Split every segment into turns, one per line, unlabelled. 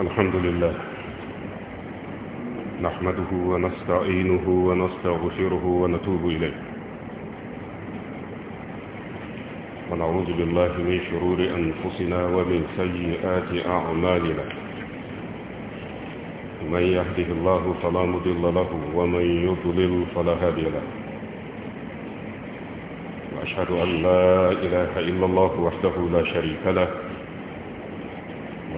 الحمد لله نحمده ونستعينه ونستغفره ونتوب إليه ونعوذ بالله من شرور أنفسنا ومن سيئات أعمالنا من يهده الله فلا مضل له ومن يضلل فلا هادي له وأشهد أن لا إله إلا الله وحده لا شريك له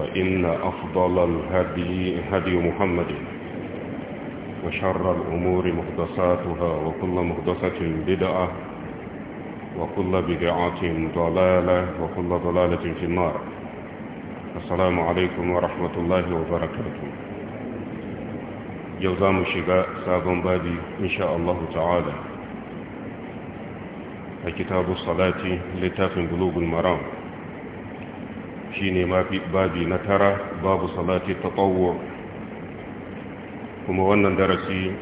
وإن أفضل الهدي هدي محمد وشر الأمور مهدساتها وكل مهدسة بدعة وكل بدعة ضلالة وكل ضلالة في النار السلام عليكم ورحمة الله وبركاته جوزا مشيغا ساغن بادي إن شاء الله تعالى كتاب الصلاة لتاف قلوب المرام shine mafi babi na tara babu salati tatawwu kuma wannan darasi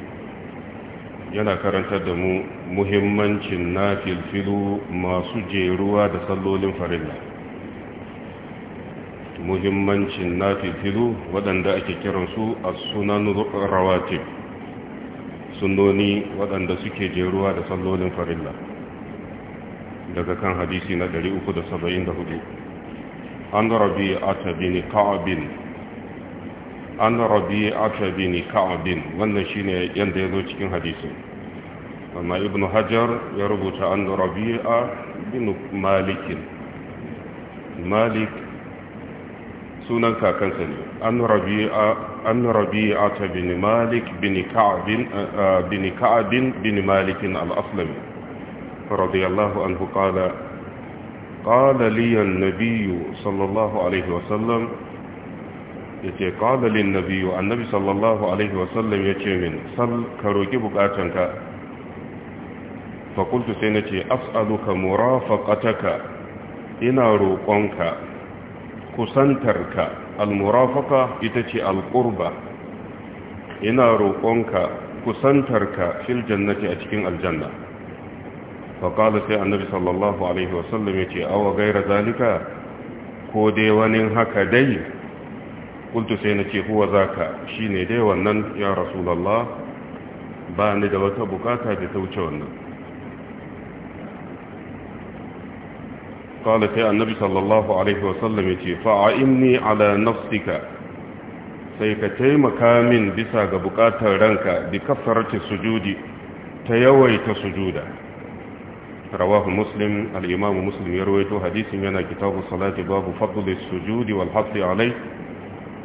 yana karantar da mu muhimmancin nafilfilu masu jeruwa da sallolin farilla muhimmancin nafilfilu waɗanda ake kiransu a sunan rawatib sunoni waɗanda suke jeruwa da sallolin farilla daga kan hadisi na 374 an rabi'ata bin ka'abin an rabi'ata bin ka'abin wannan shine yanda yazo cikin hadisin amma ibnu hajar ya rubuta an rabi'a bin malik malik sunan kakansa ne an ata bin malik bin ka'abin bin ka'abin bin malik al-aslami radiyallahu anhu qala قال لي النبي صلى الله عليه وسلم yace qala lin nabiyyu annabi sallallahu alaihi wasallam yace min sal ka roki bukatanka fa qultu sai nace as'aluka murafaqataka ina roƙonka kusantarka almurafaqa ita ce alqurba ina roƙonka kusantarka fil jannati a cikin aljanna Faƙalu sai annabi sallallahu alaihi wasallam ya ce awa gaira zalika ko dai wani haka dai kultu sai na ce za ka. shi ne dai wannan ya rasulallah ba ni da wata bukata da ta wuce wannan قال تي النبي صلى الله عليه وسلم يتي فعائمني على نفسك sai ka taimaka min bisa ga bukatar ranka bi kafarci sujudi ta yawaita sujuda rawahu muslim al-imamu muslim ya rawaito hadisin yana kitabu salati babu fadlis sujudi wal hafi alai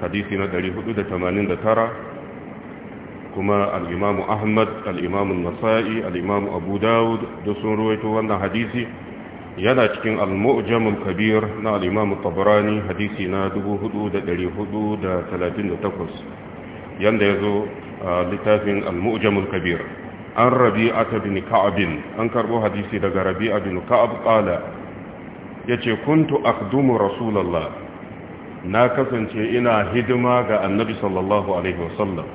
hadisi na 489 kuma al-imamu ahmad al-imamu nasa'i al-imamu abu dawud sun rawaito wannan hadisi yana cikin al-mu'jamul kabir na al-imamu tabarani hadisi na ya zo a littafin al kabir an rabi'ata bin Ka'abin, an karbo hadisi daga rabi'a bin ka'ab qala yace kuntu akdumu Rasulallah. na kasance ina hidima ga annabi sallallahu alaihi wasallam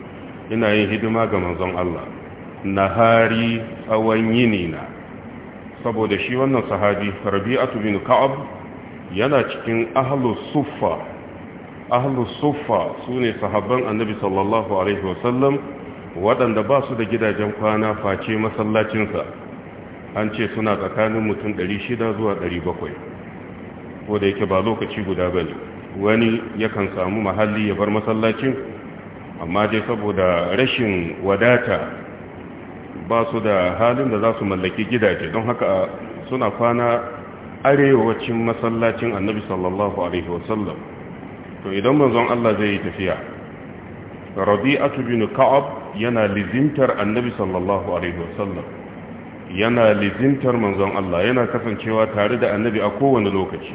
ina yin hidima ga manzon Allah nahari tsawon yini na saboda shi wannan sahabi rabi'atu bin ka'ab yana cikin ahlus suffa ahlus suffa sune sahabban annabi sallallahu alaihi wasallam waɗanda ba su da gidajen kwana face masallacinsa an ce suna tsakanin mutum 600 zuwa 700 ko da yake ba lokaci guda ba ne wani yakan samu mahalli ya bar masallacin amma dai saboda rashin wadata ba su da halin da za su mallaki gidaje don haka suna kwana arewacin masallacin annabi sallallahu alaihi wasallam to idan manzon Allah zai yi tafiya Rabi bin ka'ab yana lizintar annabi sallallahu alaihi wasallam yana lizintar manzon Allah yana kasancewa tare da annabi a kowane lokaci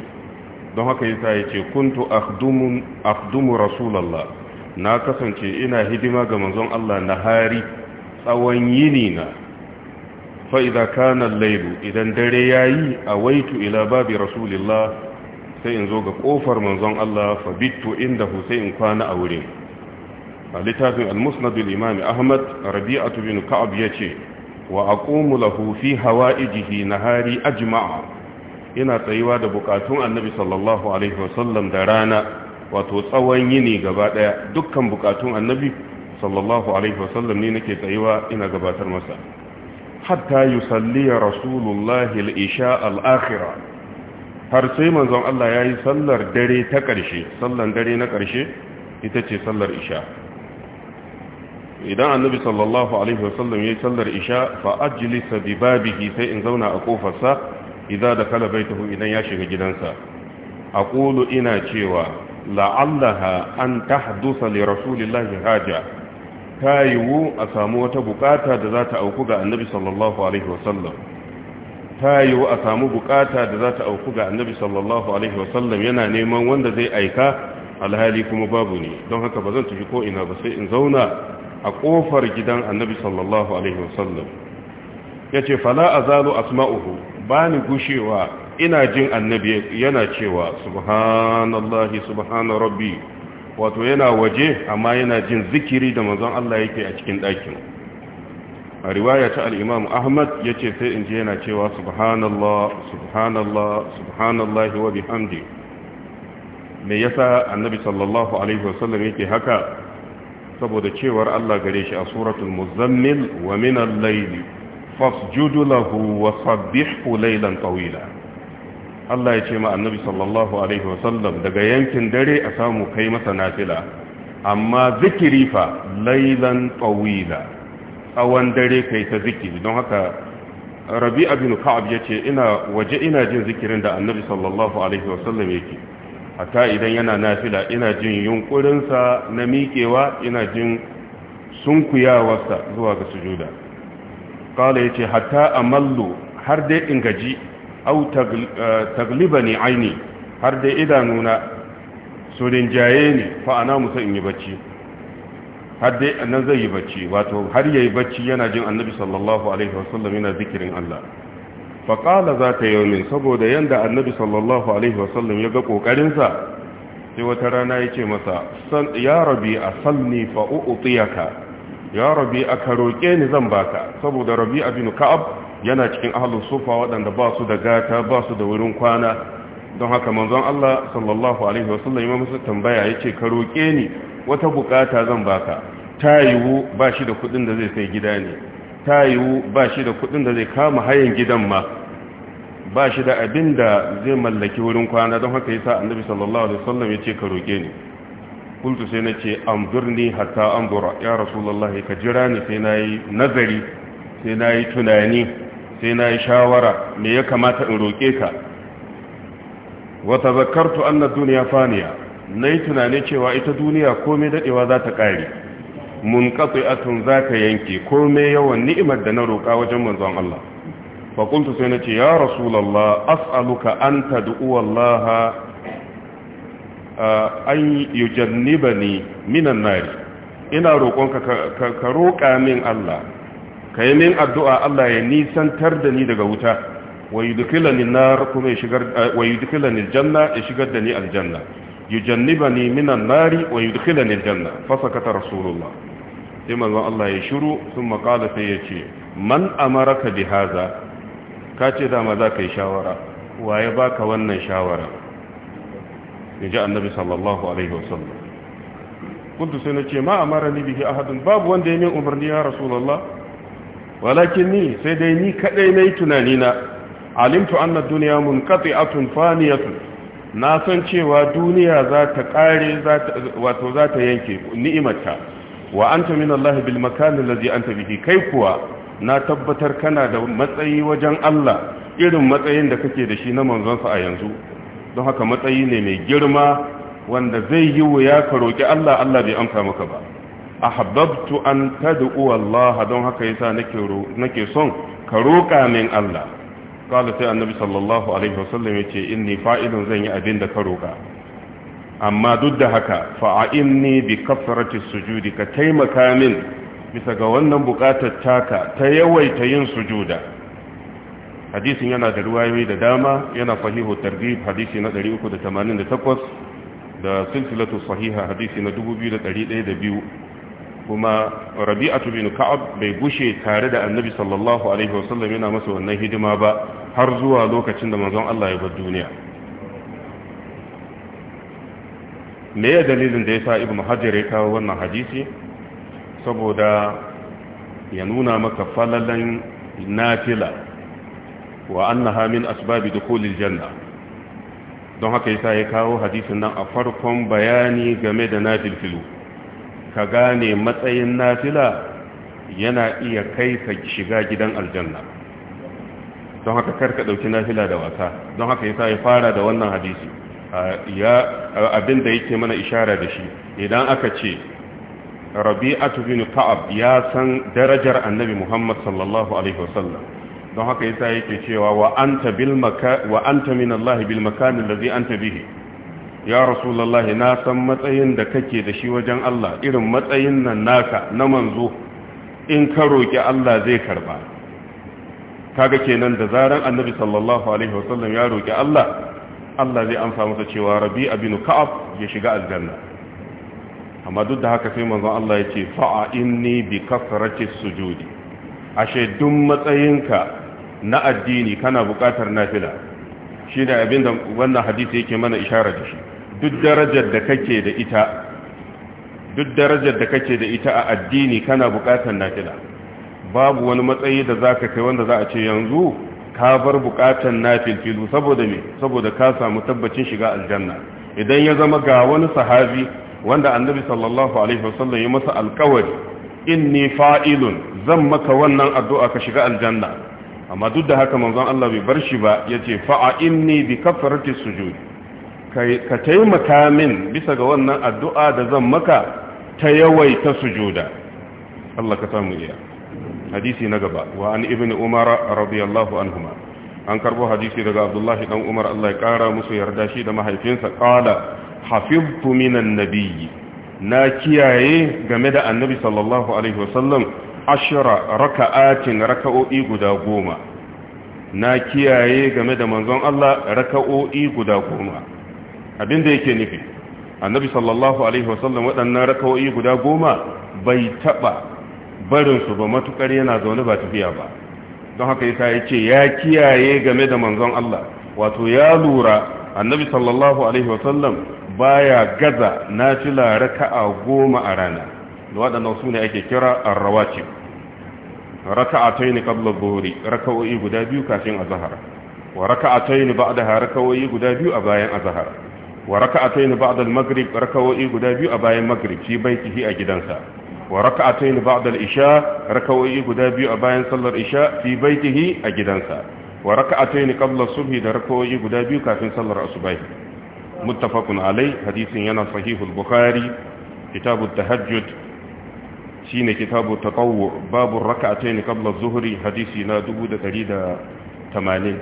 don haka yasa ce kuntu akhdumu akhdumu rasulullah na kasance ina hidima ga manzon Allah na hari tsawon yini na fa idza kana al-layl idan dare yayi waitu ila babi rasulillah sai in zo ga ƙofar manzon Allah fa bittu indahu sai in kwana a wurin A littafin al-musnadul imam ahmad rabi'atu bin ka'ab ce wa hawa lahu fi hari a jima'a ina tsayuwa da bukatun annabi sallallahu alaihi wasallam da rana wato tsawon yini gaba daya dukkan bukatun annabi sallallahu alaihi wasallam ne nake tsayuwa ina gabatar masa hatta yusalli rasulullahi al-isha al-akhirah har sai manzon Allah yayi sallar dare ta ƙarshe sallan dare na ƙarshe ita ce sallar isha idan annabi sallallahu alaihi wasallam yayi sallar isha fa ajlisa bi babihi sai in zauna a kofarsa idan da kala baitahu idan ya shiga gidansa aqulu ina cewa la'allaha an tahdusa li rasulillahi haja tayiwu a samu wata bukata da za ta auku ga annabi sallallahu alaihi wasallam a samu bukata da za ta auku ga annabi sallallahu alaihi wasallam yana neman wanda zai aika alhali kuma babu ne don haka ba zan tafi ko ina ba sai in zauna a ƙofar gidan annabi sallallahu alaihi wasallam ya ce fala a zalo asma'uhu ba ni gushewa ina jin annabi yana cewa subhanallahi subhana rabbi wato yana waje amma yana jin zikiri da manzon Allah yake a cikin ɗakin a riwaya ta al'imam ahmad ya ce sai in ji yana cewa subhanallah subhanallah subhanallahi wa bihamdi me yasa annabi sallallahu alaihi wasallam yake haka saboda cewar Allah gare shi a suratul muzammil wa min al-layli fasjudu lahu wa sabbihu laylan tawila Allah ya ce ma annabi sallallahu alaihi wasallam daga yankin dare a samu kai masa nafila amma zikiri fa laylan tawila tsawon dare kai ta zikiri don haka Rabi'a bin Ka'ab yace ina waje ina jin zikirin da annabi sallallahu alaihi wasallam yake hatta idan yana nafila ina jin yunkurinsa na miƙewa ina jin sunkuyawarsa zuwa ga sujuda kala ya ce hatta a mallo har dai in gaji au eh, tagliba ne aini har dai idanuna su rinjaye ne fa'ana musa in yi bacci har dai nan zai yi bacci wato har yayi bacci yana jin annabi sallallahu alaihi wasallam yana zikirin Allah faƙala za ta yau saboda yadda annabi sallallahu alaihi wasallam ya ga ƙoƙarinsa sai wata rana ya ce masa ya rabi a salni fa'u'utiyaka ya rabi a ka roƙe ni zan baka saboda rabi abin ka'ab yana cikin ahalin sufa waɗanda ba su da gata ba su da wurin kwana don haka manzon Allah sallallahu alaihi wasallam ya masa tambaya ya ce ka ni wata bukata zan baka ta yiwu ba shi da kuɗin da zai sai gida ne ta yiwu ba shi da kuɗin da zai kama hayan gidan ma ba shi da abin da zai mallaki wurin kwana don haka yasa annabi sallallahu alaihi wasallam ya ce ka roke ni kultu sai na ce birni hatta an ya rasulullah ka jira ni sai na yi nazari sai na yi tunani sai na yi shawara me ya kamata in roke ka wata zakar an na duniya faniya na yi tunani cewa ita duniya komai daɗewa za ta ƙari mun katsi atun za ka yanke komai yawan ni'imar da na roƙa wajen manzon Allah faƙuntu sai na ce ya rasulallah as'aluka an tad'u Allah an yujannibani minan nari ina roƙonka ka roƙa min Allah ka yi min addu'a Allah ya nisantar da ni daga wuta wa yudkhilani nar kuma ya shigar wa aljanna ya shigar da ni aljanna yujannibani minan nari wa yudkhilani aljanna fasakata rasulullah sai manzon Allah ya shiru sun qala sai yace man amaraka bi hadha ka ce dama za ka yi shawara waye baka wannan shawara ya ji annabi sallallahu alaihi wasallam Kudu sai na ce ma amara ni bihi ahadun babu wanda ya min umarni ya rasulullah walakin ni sai dai ni kadai yi tunani na alimtu anna dunya atun faniyatun na san cewa duniya za ta kare wato za ta yanke ni'imarta wa anta min Allah bil makan an ta bihi kai kuwa na tabbatar kana da matsayi wajen Allah irin matsayin da kake da shi na manzonsa a yanzu don haka matsayi ne mai girma wanda zai yi wuya ka roƙi Allah Allah bai amsa maka ba ahabbtu an tad'u Allah don haka yasa nake nake son ka roƙa min Allah qala sai annabi sallallahu alaihi wasallam yace inni fa'ilun zan yi abin da ka roƙa amma duk da haka fa'inni bi kasratis sujudi ka taimaka min bisa ga wannan bukatar taka ta yawaita yin sujuda hadisin yana da ruwayoyi da dama yana sahihu targhib hadisi na 388 da silsilatu sahiha hadisi na 2102 kuma rabi'atu bin ka'ab bai gushe tare da annabi sallallahu alaihi wasallam yana masa wannan hidima ba har zuwa lokacin da manzon Allah ya bar duniya me ya dalilin da yasa ibnu hajar ya kawo wannan hadisi saboda ya nuna maka falalan nafila wa annaha min asbabi dukhulil janna don haka yasa ya kawo hadisin nan a farkon bayani game da nafilfilu ka gane matsayin nafila yana iya kai ka shiga gidan aljanna don haka karka dauki nafila da wasa don haka yasa ya fara da wannan hadisi ya abin yake mana ishara da shi idan aka ce rabi'atu bin ka'ab ya san darajar annabi muhammad sallallahu alaihi wasallam don haka yasa yake cewa wa anta bil maka wa anta min allah bil makan allazi anta bihi ya rasulullahi na san matsayin da kake da shi wajen allah irin matsayin nan naka na manzo in ka roki allah zai karba kaga kenan da zaran annabi sallallahu alaihi wasallam ya roki allah Allah zai amsa masa cewa rabi bin ka'ab ya shiga aljanna amma duk da haka sai manzon Allah ya ce fa'a inni bi kasrati sujudi ashe duk matsayinka na addini kana buƙatar nafila shi ne da wannan hadisi yake mana isharar da shi duk darajar da kake da ita duk darajar da kake da ita a addini kana buƙatar nafila babu wani matsayi da zaka kai wanda za a ce yanzu ka bar buƙatar filu saboda me saboda ka samu tabbacin shiga aljanna idan ya zama ga wani sahabi wanda annabi sallallahu alaihi wasallam ya masa alkawari inni fa'ilun zan maka wannan addu'a ka shiga aljanna amma duk da haka manzon Allah bai bar shi ba yace fa'a inni bi kafarati sujud ka taimaka min bisa ga wannan addu'a da zan maka ta yawaita sujuda Allah ka samu iya hadisi na gaba wa an ibn umar radiyallahu anhuma an karbo hadisi daga abdullahi dan umar Allah ya kara musu yarda shi da mahaifinsa qala hafiztu minan nabiyyi na kiyaye game da annabi sallallahu alaihi wasallam ashira raka'atin raka'o'i guda goma na kiyaye game da manzon Allah raka'o'i guda goma abinda yake nufi annabi sallallahu alaihi wasallam waɗannan raka'o'i guda goma bai taɓa barinsu ba matuƙar yana zaune ba tafiya ba don haka yasa ya ce ya kiyaye game da manzon Allah wato ya lura annabi sallallahu alaihi wasallam baya gaza na nafila raka'a goma a rana da waɗannan su ne ake kira arrawaci raka'a ta taini ni kabla gori raka'o'i guda biyu kafin azahar wa raka'a ta yi ni ba'da raka'o'i guda biyu a bayan zahar. wa raka'a taini yi ni ba'da maghrib raka'o'i guda biyu a bayan maghrib shi baitihi a gidansa wa raka'a ta yi ni ba'da isha raka'o'i guda biyu a bayan sallar isha fi baitihi a gidansa wa raka'a ta yi ni kabla subhi da raka'o'i guda biyu kafin sallar asubahi متفق عليه حديث ينا صحيح البخاري كتاب التهجد سين كتاب التطوع باب الركعتين قبل الظهر حديث ينا دبود تريد تمانين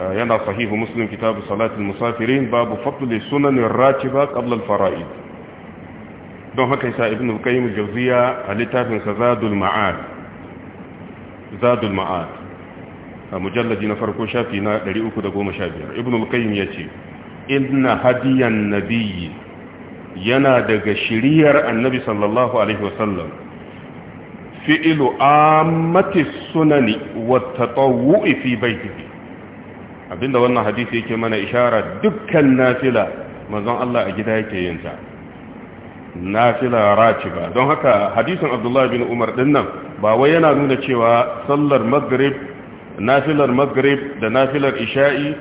آه، ينا صحيح مسلم كتاب صلاة المسافرين باب فضل السنن الراتبة قبل الفرائد دون هكا ابن القيم الجوزية لتاف زاد المعاد زاد المعاد مجلد نفر كوشا في ابن القيم يتي inna hadiyan nabiyyi yana daga shiriyar annabi sallallahu alaihi wasallam fi'ilu ammati sunani wa tatawwu'i fi baitihi abinda wannan hadisi yake mana ishara dukkan nafila manzon Allah a gida yake yin ta nafila ratiba don haka hadisin Abdullah bin Umar dinnan ba wai yana nuna cewa sallar maghrib nafilar maghrib da nafilar isha'i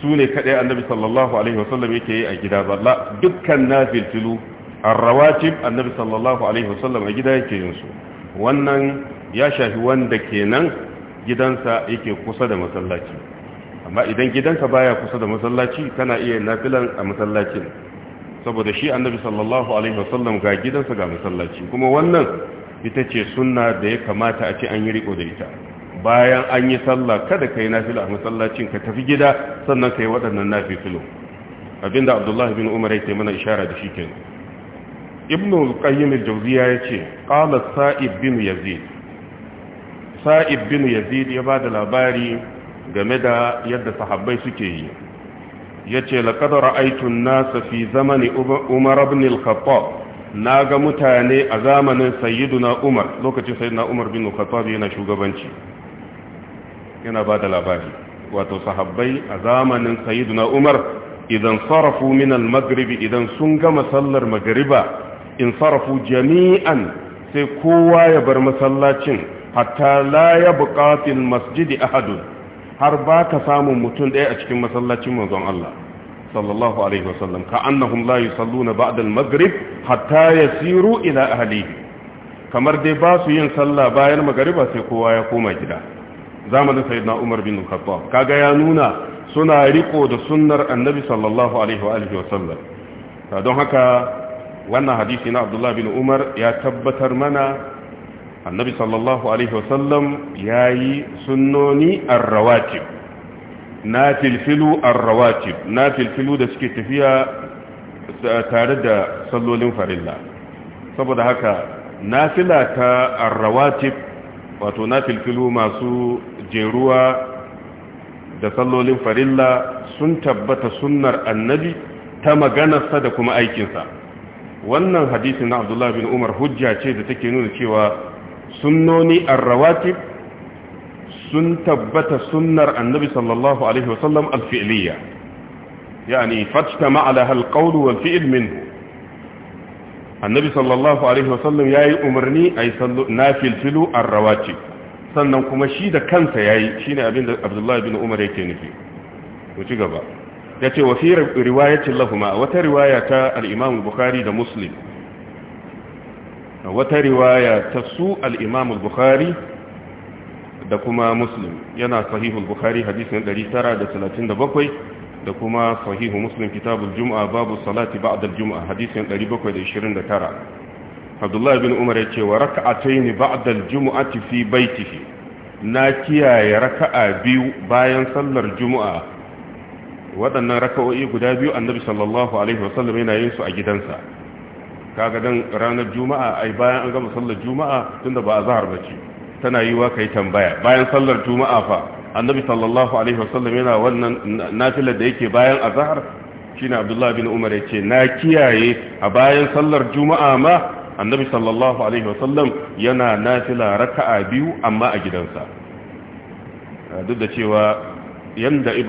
su ne kaɗai annabi sallallahu alaihi wasallam yake yi a gida ba la dukkan nafilfilu arrawatib annabi sallallahu alaihi wasallam a gida yake yin su wannan ya shafi wanda kenan gidansa yake kusa da masallaci amma idan gidansa baya kusa da masallaci kana iya nafilan a masallacin saboda shi annabi sallallahu alaihi wasallam ga gidansa ga masallaci kuma wannan ita ce sunna da ya kamata a ce an yi riko da ita bayan an yi sallah kada ka yi nafila a masallacin ka tafi gida sannan ka yi waɗannan filo. abinda abdullahi bin umar yake mana ishara da shi kenan ibnu al-qayyim al-jawziya yace qala sa'ib bin yazid sa'ib bin yazid ya da labari game da yadda sahabbai suke yi yace laqad ra'aytu an-nasa fi zamani umar ibn al-khattab naga mutane a zamanin sayyiduna umar lokacin sayyiduna umar bin al-khattab yana shugabanci yana ba da labari wato sahabbai a zamanin sayyiduna umar idan sarafu min magribi idan sun gama sallar magriba in sarafu jami'an sai kowa ya bar masallacin hatta la ya buƙatil masjidi ahadun har ba ka samun mutum ɗaya a cikin masallacin manzon Allah sallallahu alaihi wasallam ka annahum la yusalluna ba'da al-maghrib hatta yasiru ila ahlihi kamar dai ba su yin sallah bayan magriba sai kowa ya koma gida zamanin sayyidina Umar bin Khattab kaga ya nuna suna riko da sunnar annabi sallallahu alaihi wa alihi wasallam don haka wannan hadisi na Abdullahi bin Umar ya tabbatar mana annabi sallallahu alaihi wasallam yayi sunnoni ar-rawatib na filfilu ar-rawatib na filfilu da suke tafiya tare da sallolin farilla saboda haka nafila ta ar wato na filfilu masu jeruwa da sallolin farilla sun tabbata sunnar annabi ta maganarsa da kuma aikinsa wannan hadisi na abdullah bin umar hujja ce da take nuna cewa sunnoni arrawatib sun tabbata sunnar annabi sallallahu alaihi wasallam alfi'liya yani fajtama ala halqawl wal fi'l minhu annabi sallallahu alaihi wasallam yayi umarni ay sallu nafil filu arrawatib sannan kuma shi da kansa yayi shine abin da Abdullahi bin Umar yake nufi mu ci gaba Ya ce wa fi riwayatin lahumma wata riwaya ta al-Imam Bukhari da Muslim wata riwaya ta su al-Imam Bukhari da kuma Muslim yana sahihul Bukhari hadisin 937 da kuma sahihu Muslim kitabul Juma'a babu salati ba'da al-Jum'a hadisin 729 abdullahi bin umar ya ce wa raka'atai ne ba'dal jumu'ati fi baitihi na kiyaye raka'a biyu bayan sallar juma'a waɗannan raka'o'i guda biyu annabi sallallahu alaihi wasallam yana yin su a gidansa kaga dan ranar juma'a ai bayan an gama sallar juma'a tunda ba zahar bace tana yiwa kai tambaya bayan sallar juma'a fa annabi sallallahu alaihi wasallam yana wannan nafilar da yake bayan azhar shine abdullahi bin umar yace na kiyaye a bayan sallar juma'a ma annabi sallallahu alaihi wasallam yana nafila raka'a biyu amma a gidansa eh, duk da cewa yanda eh,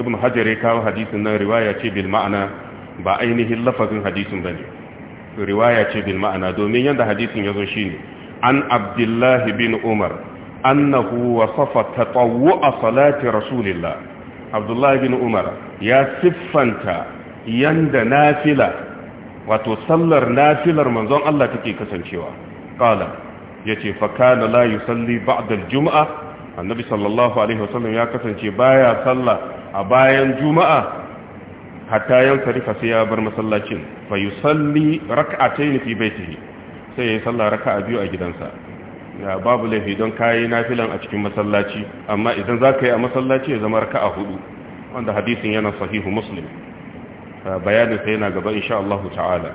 ibn hajar ya kawo hadisin nan riwaya ce bil ma'ana ba ainihin lafazin hadisin ne. riwaya ce bil ma'ana domin yanda hadisin yazo shine an abdullahi bin umar annahu tsawo a salati rasulillah abdullahi bin umar ya siffanta yanda nafila wato sallar nafilar manzon Allah take kasancewa qala yace fa kana la yusalli ba'da al annabi sallallahu alaihi wasallam ya kasance baya salla a bayan juma'a hatta yansarifa sai ya bar masallacin fa yusalli rak'atayn fi baitihi sai ya salla raka'a biyu a gidansa ya babu laifi don kayi nafilan a cikin masallaci amma idan zaka yi a masallaci ya zama raka'a hudu wanda hadisin yana sahihu muslim bayanin sai yana gaba insha Allah ta'ala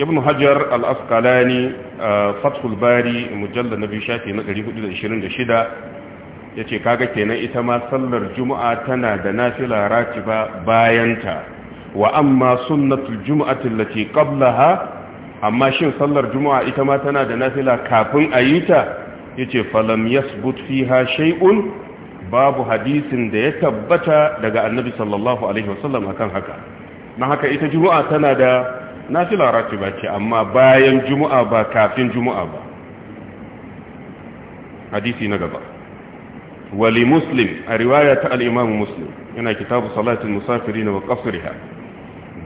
ibn hajar al-asqalani uh, fathul bari mujallal nabi shafi na 426 yace kaga kenan ita ma sallar juma'a tana da nafila ratiba bayanta wa amma sunnatul juma'ati allati qablaha amma shin sallar juma'a ita ma tana da nafila kafin ayita yace falam yasbut fiha shay'un babu hadisin da ya tabbata daga annabi sallallahu alaihi wasallam akan haka na haka ita juma'a tana da nafila ratiba ce amma bayan juma'a ba kafin juma'a ba hadisi na gaba wali muslim a riwaya ta al muslim yana kitabu salatul musafiri wa qasriha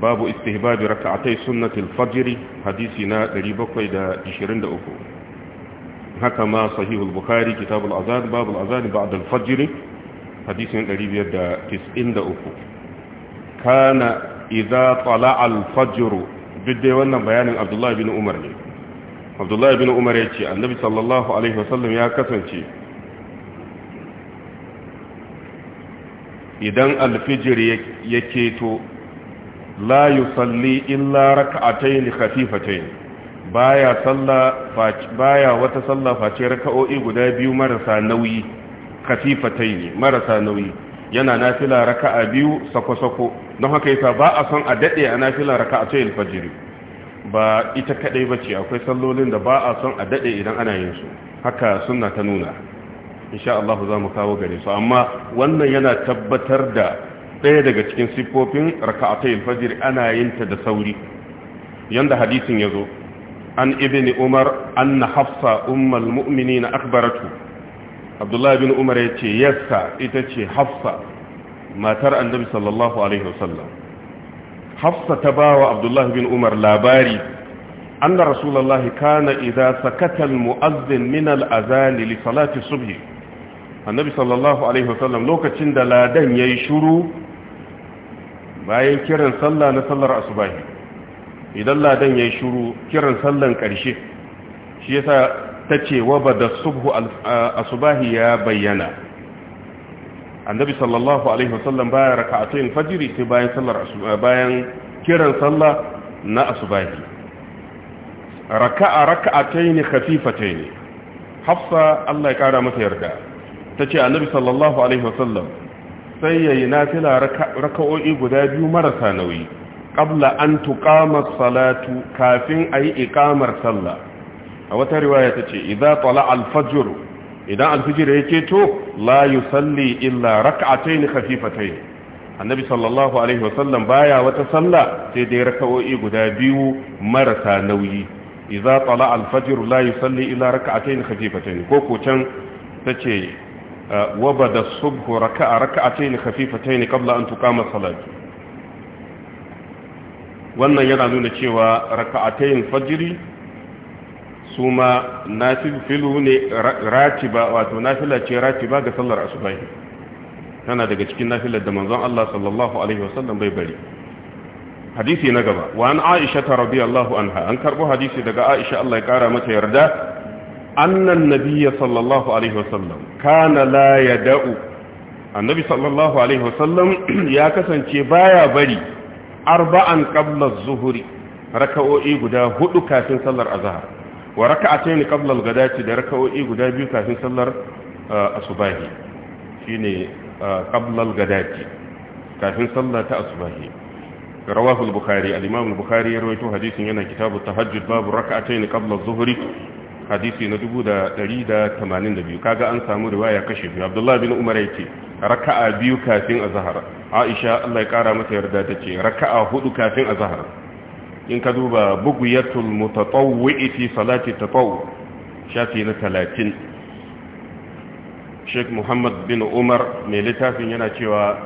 babu istihbabi raka'atai sunnatil fajr hadisi na 723 haka ma sahihul bukhari kitabul azan babul azan ba'd al-fajr hadisin 593 kana idza tala'a al-fajr duk dai wannan bayanin abdullahi bin umar ne abdullahi bin umar ya ce annabi sallallahu alaihi wasallam ya kasance idan alfijir ya keto la yusalli illa raka'atayn khafifatayn baya sallah baya wata sallah face raka'o'i guda biyu marasa nauyi ne marasa nauyi yana nafila raka'a biyu sako-sako don haka yasa ba a son a daɗe a nafila raka'a ta alfajiri ba ita kadai bace akwai sallolin da ba a son a daɗe idan ana yin su haka suna ta nuna insha Allah za mu kawo gare su amma wannan yana tabbatar da ɗaya daga cikin siffofin raka'a ta alfajiri ana yin ta da sauri yanda hadisin ya zo an ibn umar anna hafsa ummul mu'minin akbaratu abdullahi bin umar ya ce yassa ita ce hafsa matar annabi sallallahu alaihi wasallam hafsa ta bawa abdullahi bin umar labari anna rasulullahi kana iza sakata almu'azzin min al'azan li salati subhi annabi sallallahu alaihi wasallam lokacin da ladan yayi shuru bayan kiran sallah na sallar asubahi idan ladan ya yi shuru kiran sallan ƙarshe shi ya sa ta ce waba da subhu asubahi ya bayyana annabi sallallahu alaihi wasallam bayan raka'atun fajiri sai bayan sallar eh, bayan kiran sallah na asubahi raka'a raka'atayn khafifatayn hafsa Allah ya kara mata yarda tace annabi sallallahu alaihi wasallam sai yayi nafila raka'o'i guda biyu marasa nauyi qabla an tuqama salatu kafin ayi iqamar sallah a wata riwaya tace idza tala al-fajr idan al-fajr yake to la yusalli illa rak'atayn khafifatayn annabi sallallahu alaihi wasallam baya wata sallah sai dai raka'o'i guda biyu marasa nauyi idza tala al-fajr la yusalli illa rak'atayn khafifatayn ko ko can tace wabada subhu raka'a rak'atayn khafifatayn qabla an tuqama salatu wannan yana nuna cewa raka'atayn fajiri su ma nafilu ne ratiba wato nafila ce ratiba ga sallar asubahi tana daga cikin nafilar da manzon Allah sallallahu alaihi wasallam bai bari hadisi na gaba wa an aisha ta radiyallahu anha an karbo hadisi daga aisha Allah ya kara mata yarda annan nabiyya sallallahu alaihi wasallam kana la yada'u annabi sallallahu alaihi wasallam ya kasance baya bari arba'an qabla zuhuri zuhri raka'o'i guda hudu kafin sallar azhar wa raka'atayn qabla al-ghadati da raka'o'i guda biyu kafin sallar uh, asubahi shine uh, qabla al-ghadati kafin sallar ta asubahi rawahu al-bukhari al-imam al-bukhari ya rawaito hadisin yana kitabu tahajjud babu raka'atayn qabla az-zuhri hadisi na 1182 kaga an samu riwaya kashe biyu abdullahi bin umar yake raka'a biyu kafin azhar aisha Allah ya kara mata yarda tace raka'a hudu kafin azhar in ka duba bughyatul mutatawwi fi salati tatawwu shafi na 30 Sheikh Muhammad bin Umar mai littafin yana cewa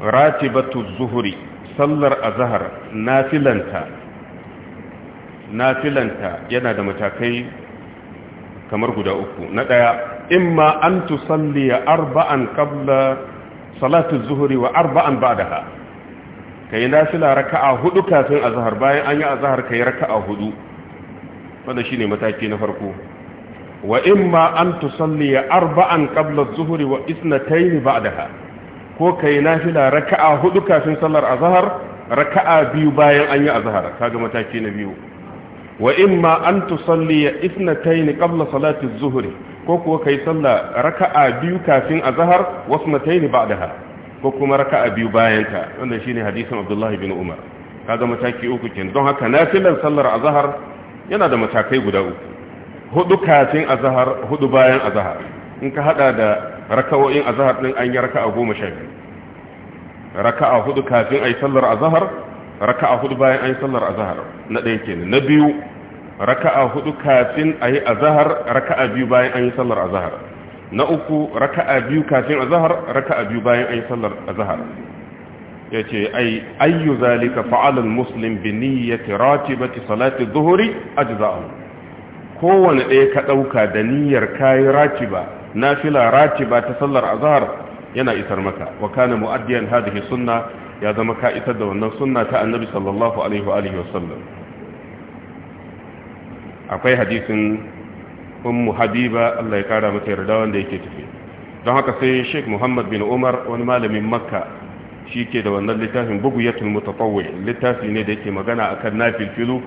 ratibatu zuhri sallar azhar nafilanta nafilanta yana da matakai kamar guda uku na daya imma an ya arba'an qabla salatu zuhri wa arba'an ba da ha ba'daha kai nafila raka'a hudu kafin a zahar bayan an yi a zahar azhar kai raka'a hudu wanda ne mataki na farko wa imma an ya arba'an qabla az-zuhri wa da ha ko ka kai nafila raka'a hudu kafin sallar a zahar raka'a biyu bayan an yi a zahar kaga mataki na biyu wa imma an tusalli ithnatayn qabla salati az-zuhr ko kuwa kai sallah raka'a biyu kafin azhar wa ithnatayn ba'daha ko kuma raka'a biyu bayan ta wannan shine hadisin Abdullah ibn Umar kaga mataki uku kin don haka nafilan sallar azhar yana da matakai guda uku hudu kafin azhar hudu bayan azhar in ka hada da raka'o'in azhar din an yi raka'a 12 raka'a hudu kafin ayi sallar azhar raka'a hudu bayan an yi sallar azhar na ɗaya kenan na biyu raka'a hudu kafin a yi azhar raka'a biyu bayan an yi sallar azhar na uku raka'a biyu kafin azhar raka'a biyu bayan an yi sallar azhar yace ai ayyu zalika fa'ala al-muslim bi niyyati ratibati salati dhuhri ajza'u kowanne ɗaya ka ɗauka da niyyar kai ratiba nafila ratiba ta sallar azhar yana isar maka wa kana mu'addiyan hadhihi sunnah ya zama ka isar da wannan sunna ta annabi sallallahu alaihi wa alihi wasallam akwai hadisin ummu habiba Allah ya kara mata yarda wanda yake tafi don haka sai Sheikh Muhammad bin Umar wani malamin Makka shi ke da wannan littafin buguyatul mutatawwi littafi ne da yake magana akan nafil filu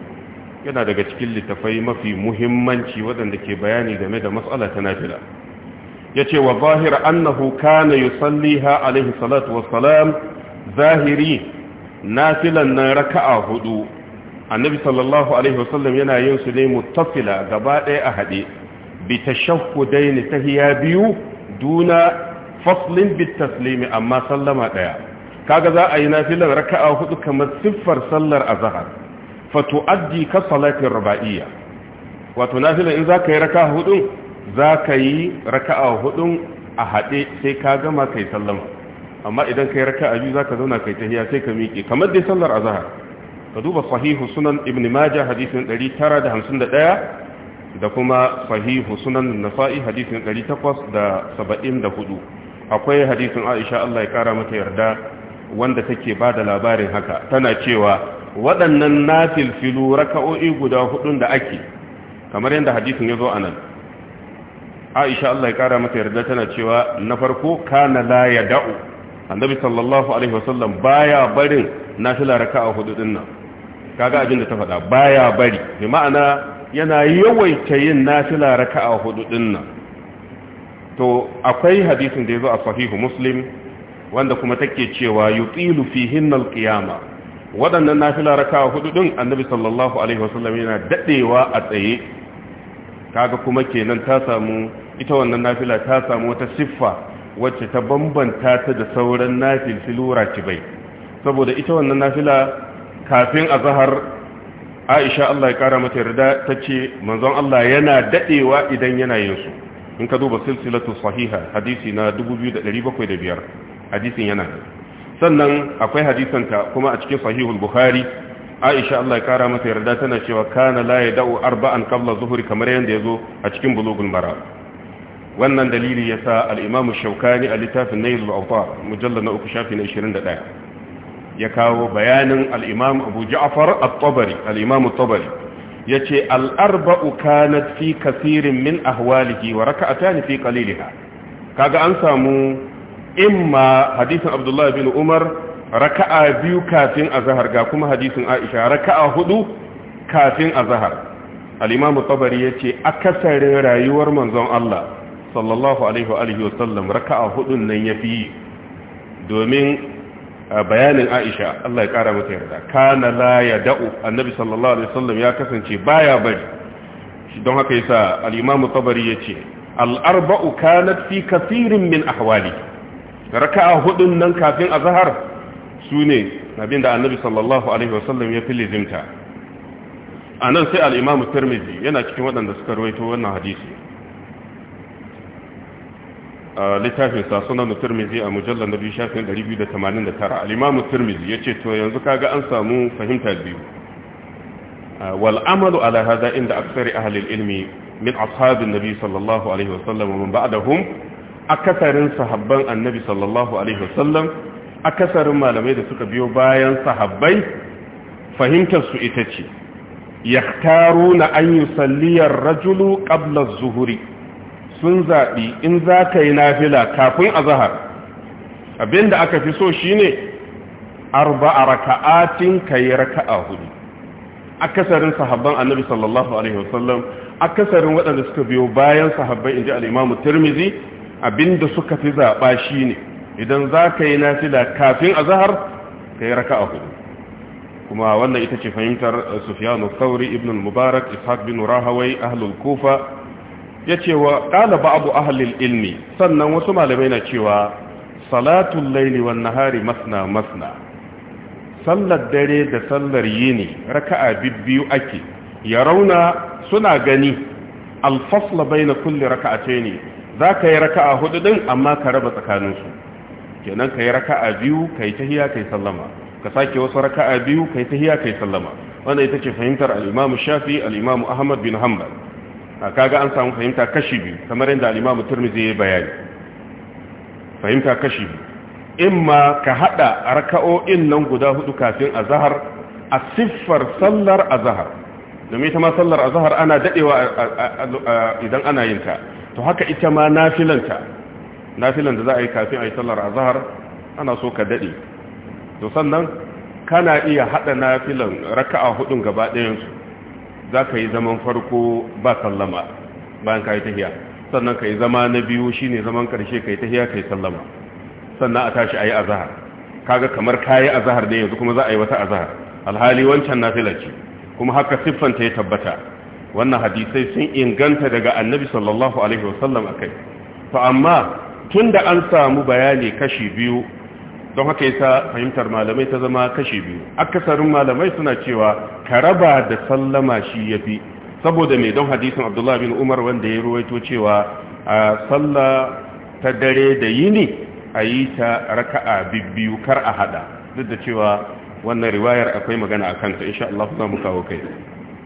yana daga cikin littafai mafi muhimmanci waɗanda ke bayani game da matsala ta nafila ya ce wa zahir annahu kana yusalliha alaihi salatu wassalam zahiri nafilan nan raka'a hudu annabi sallallahu alaihi wasallam yana yin su ne muttafila gaba ɗaya a haɗe bi tashahhudain tahiya biyu duna faslin bit taslimi amma sallama ɗaya kaga za a yi nafilan raka'a hudu kamar siffar sallar azhar fa tuaddi ka salatin ruba'iyya wato nafilan in zaka yi raka'a hudu zaka yi raka'a hudun a haɗe sai ka gama kai sallama amma idan kai a biyu zaka zauna kai tahiya sai ka miƙe kamar dai sallar azahar ka duba sahihu sunan ibn majah hadisin 951 da kuma sahihu sunan nasa'i hadisin 874 akwai hadisin aisha Allah ya kara mata yarda wanda take bada labarin haka tana cewa waɗannan nafilfilu raka'o'i guda hudun da ake kamar yadda hadisin ya zo a nan aisha Allah ya kara mata yarda tana cewa na farko kana la ya da'u annabi sallallahu alaihi wasallam baya barin nafila raka'a hudu din nan kaga abin da ta faɗa baya bari bi ma'ana yana yawaita yin nafila raka'a hudu din nan to akwai hadisin da yazo a sahihu muslim wanda kuma take cewa yutilu fihinna alqiyama waɗannan nafila raka'a hudu din annabi sallallahu alaihi wasallam yana dadewa a tsaye kaga kuma kenan ta samu ita wannan nafila ta samu wata siffa wacce ta bambanta ta da sauran nafil filura kibai saboda ita wannan nafila kafin a zahar aisha Allah ya kara mata yarda ta ce manzon Allah yana dadewa idan yana yin su in ka duba silsilatu sahiha hadisi na 2705 hadisin yana sannan akwai hadisanta kuma a cikin sahihul bukhari aisha Allah ya kara mata yarda tana cewa kana la yada'u arba'an qabla zuhri kamar yanda yazo a cikin bulugul bara. wannan dalili ya sa al'imamu shaukani a littafin na yanzu autar mujallar na uku shafi na 21 ya kawo bayanin al'imamu abu ja'afar al-tabari al'imamu tabari ya ce al'arba'u na fi kasirin min ahwaliki wa raka a tani fi kaliliha kaga an samu imma hadisin abdullahi bin umar raka'a biyu kafin a zahar ga kuma hadisin aisha raka'a hudu kafin a zahar al'imamu tabari ya ce akasarin rayuwar manzon Allah sallallahu alaihi wa alihi wasallam raka'a hudun nan ya fi domin bayanin Aisha Allah ya kara mata yarda kana la yada'u annabi sallallahu alaihi wasallam ya kasance baya bari don haka yasa al-Imam Tabari yace al-arba'u kanat fi kathirin min ahwali raka'a hudun nan kafin azhar sune abinda annabi sallallahu alaihi wasallam ya filizimta anan sai al-Imam Tirmidhi yana cikin waɗanda suka rawaito wannan hadisi littafin sa sunan turmizi a mujallar na biyu shafin 289 al'imamu turmizi ya ce to yanzu kaga an samu fahimta biyu wal'amalu ala haza inda aksari ahalil ilmi min ashabin nabi sallallahu alaihi wasallam da ba'dahum akasarin sahabban annabi sallallahu alaihi wasallam akasarin malamai da suka biyo bayan sahabbai fahimtar su ita ce na an salliyar rajulu qabla zuhuri. sun zaɓi in za ka yi nafila kafin a zahar abinda aka fi so shine arba'a raka'atin ka yi raka'a hudu akasarin sahabban annabi sallallahu alaihi wasallam akasarin waɗanda suka biyo bayan sahabbai inji al-imamu tirmizi abinda suka fi zaɓa shine idan za ka yi nafila kafin a zahar ka yi raka'a hudu kuma wannan ita ce fahimtar Sufiyanu sauri ibn mubarak ishaq bin rahawai ahlul kufa yace wa ba abu ahli ilmi sannan wasu malamai na cewa salatun laili wan nahari masna masna sallar dare da sallar yini raka'a biyu ake rauna suna gani alfasla baina ne. Za ka yi raka'a hudu din amma ka raba tsakaninsu kenan yi raka'a biyu kai tahiya kai sallama ka sake wasu raka'a biyu kai tahiya kai sallama wannan ita ce fahimtar alimamu Shafi al Ahmad bin Hanbal kaga an samu fahimta kashi biyu kamar yadda alimamu turmi zai ya bayani fahimta kashi biyu imma ka hada raka'o'in nan guda hudu kafin a zahar a siffar sallar a zahar domin ita ma sallar a zahar ana daɗewa idan ana yin ta to haka ita ma nafilanta nafilan da za a yi kafin a yi sallar a zahar ana so ka daɗe to sannan kana iya haɗa nafilan raka'a hudun gaba ɗayansu. za ka yi zaman farko ba sallama bayan ka yi tahiya sannan ka yi zama na biyu shi ne zaman ƙarshe ka yi tahiya ka yi sallama sannan a tashi a yi azahar kaga kamar ka yi azahar ne yanzu kuma za a yi wata azahar alhali wancan na ce kuma haka siffanta ya tabbata wannan hadisai sun inganta daga annabi sallallahu alaihi wasallam a kai to amma tun da an samu bayani kashi biyu don haka yasa fahimtar malamai ta zama kashe biyu akasarin malamai suna cewa ka raba da sallama shi yafi saboda mai don hadisin Abdullah bin Umar wanda ya ruwaito cewa a salla ta dare da yini a ayi ta raka'a bibbiyu kar a hada duk da cewa wannan riwayar akwai magana a kanta insha Allah za mu kawo kai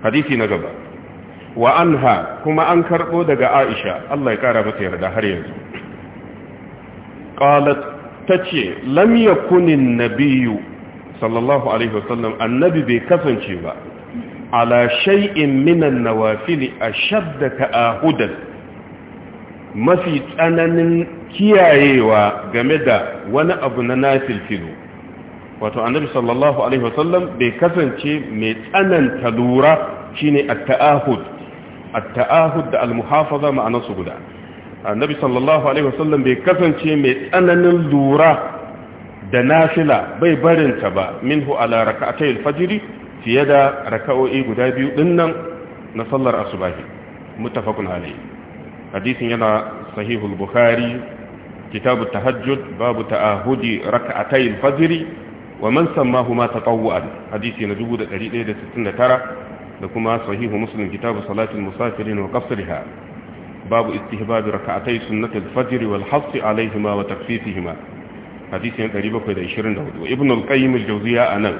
hadisi na gaba wa anha kuma an karbo daga Aisha Allah ya kara mata yarda har yanzu qalat ce lamya kunin nabiyyu sallallahu alaihi wasallam annabi bai kasance ba ala shay'in minan nawafil ashadda ta'ahudan mafi tsananin kiyayewa game da wani abu na nafilfilu wato annabi sallallahu alaihi wasallam bai kasance mai tsananta lura shine at-ta'ahud at-ta'ahud da al-muhafaza guda annabi sallallahu alaihi wasallam bai kasance mai tsananin lura da nafila bai barinta ba min minhu ala raka'atay al-fajr fiye da raka'o'i guda biyu dinnan na sallar asubahi muttafaqun alayhi hadisin yana sahihul Buhari kitabu tahajjud babu ta'ahudi raka'atay al-fajr wa man sammahuma tatawwu'an hadisi na 1169 da kuma sahihu muslim kitabu salatul musafirin wa qasriha babu istihbab rak'atay sunnat al-fajr wal hass alayhima wa takfifihima hadisin 724 ibn al-qayyim al-jawziya anan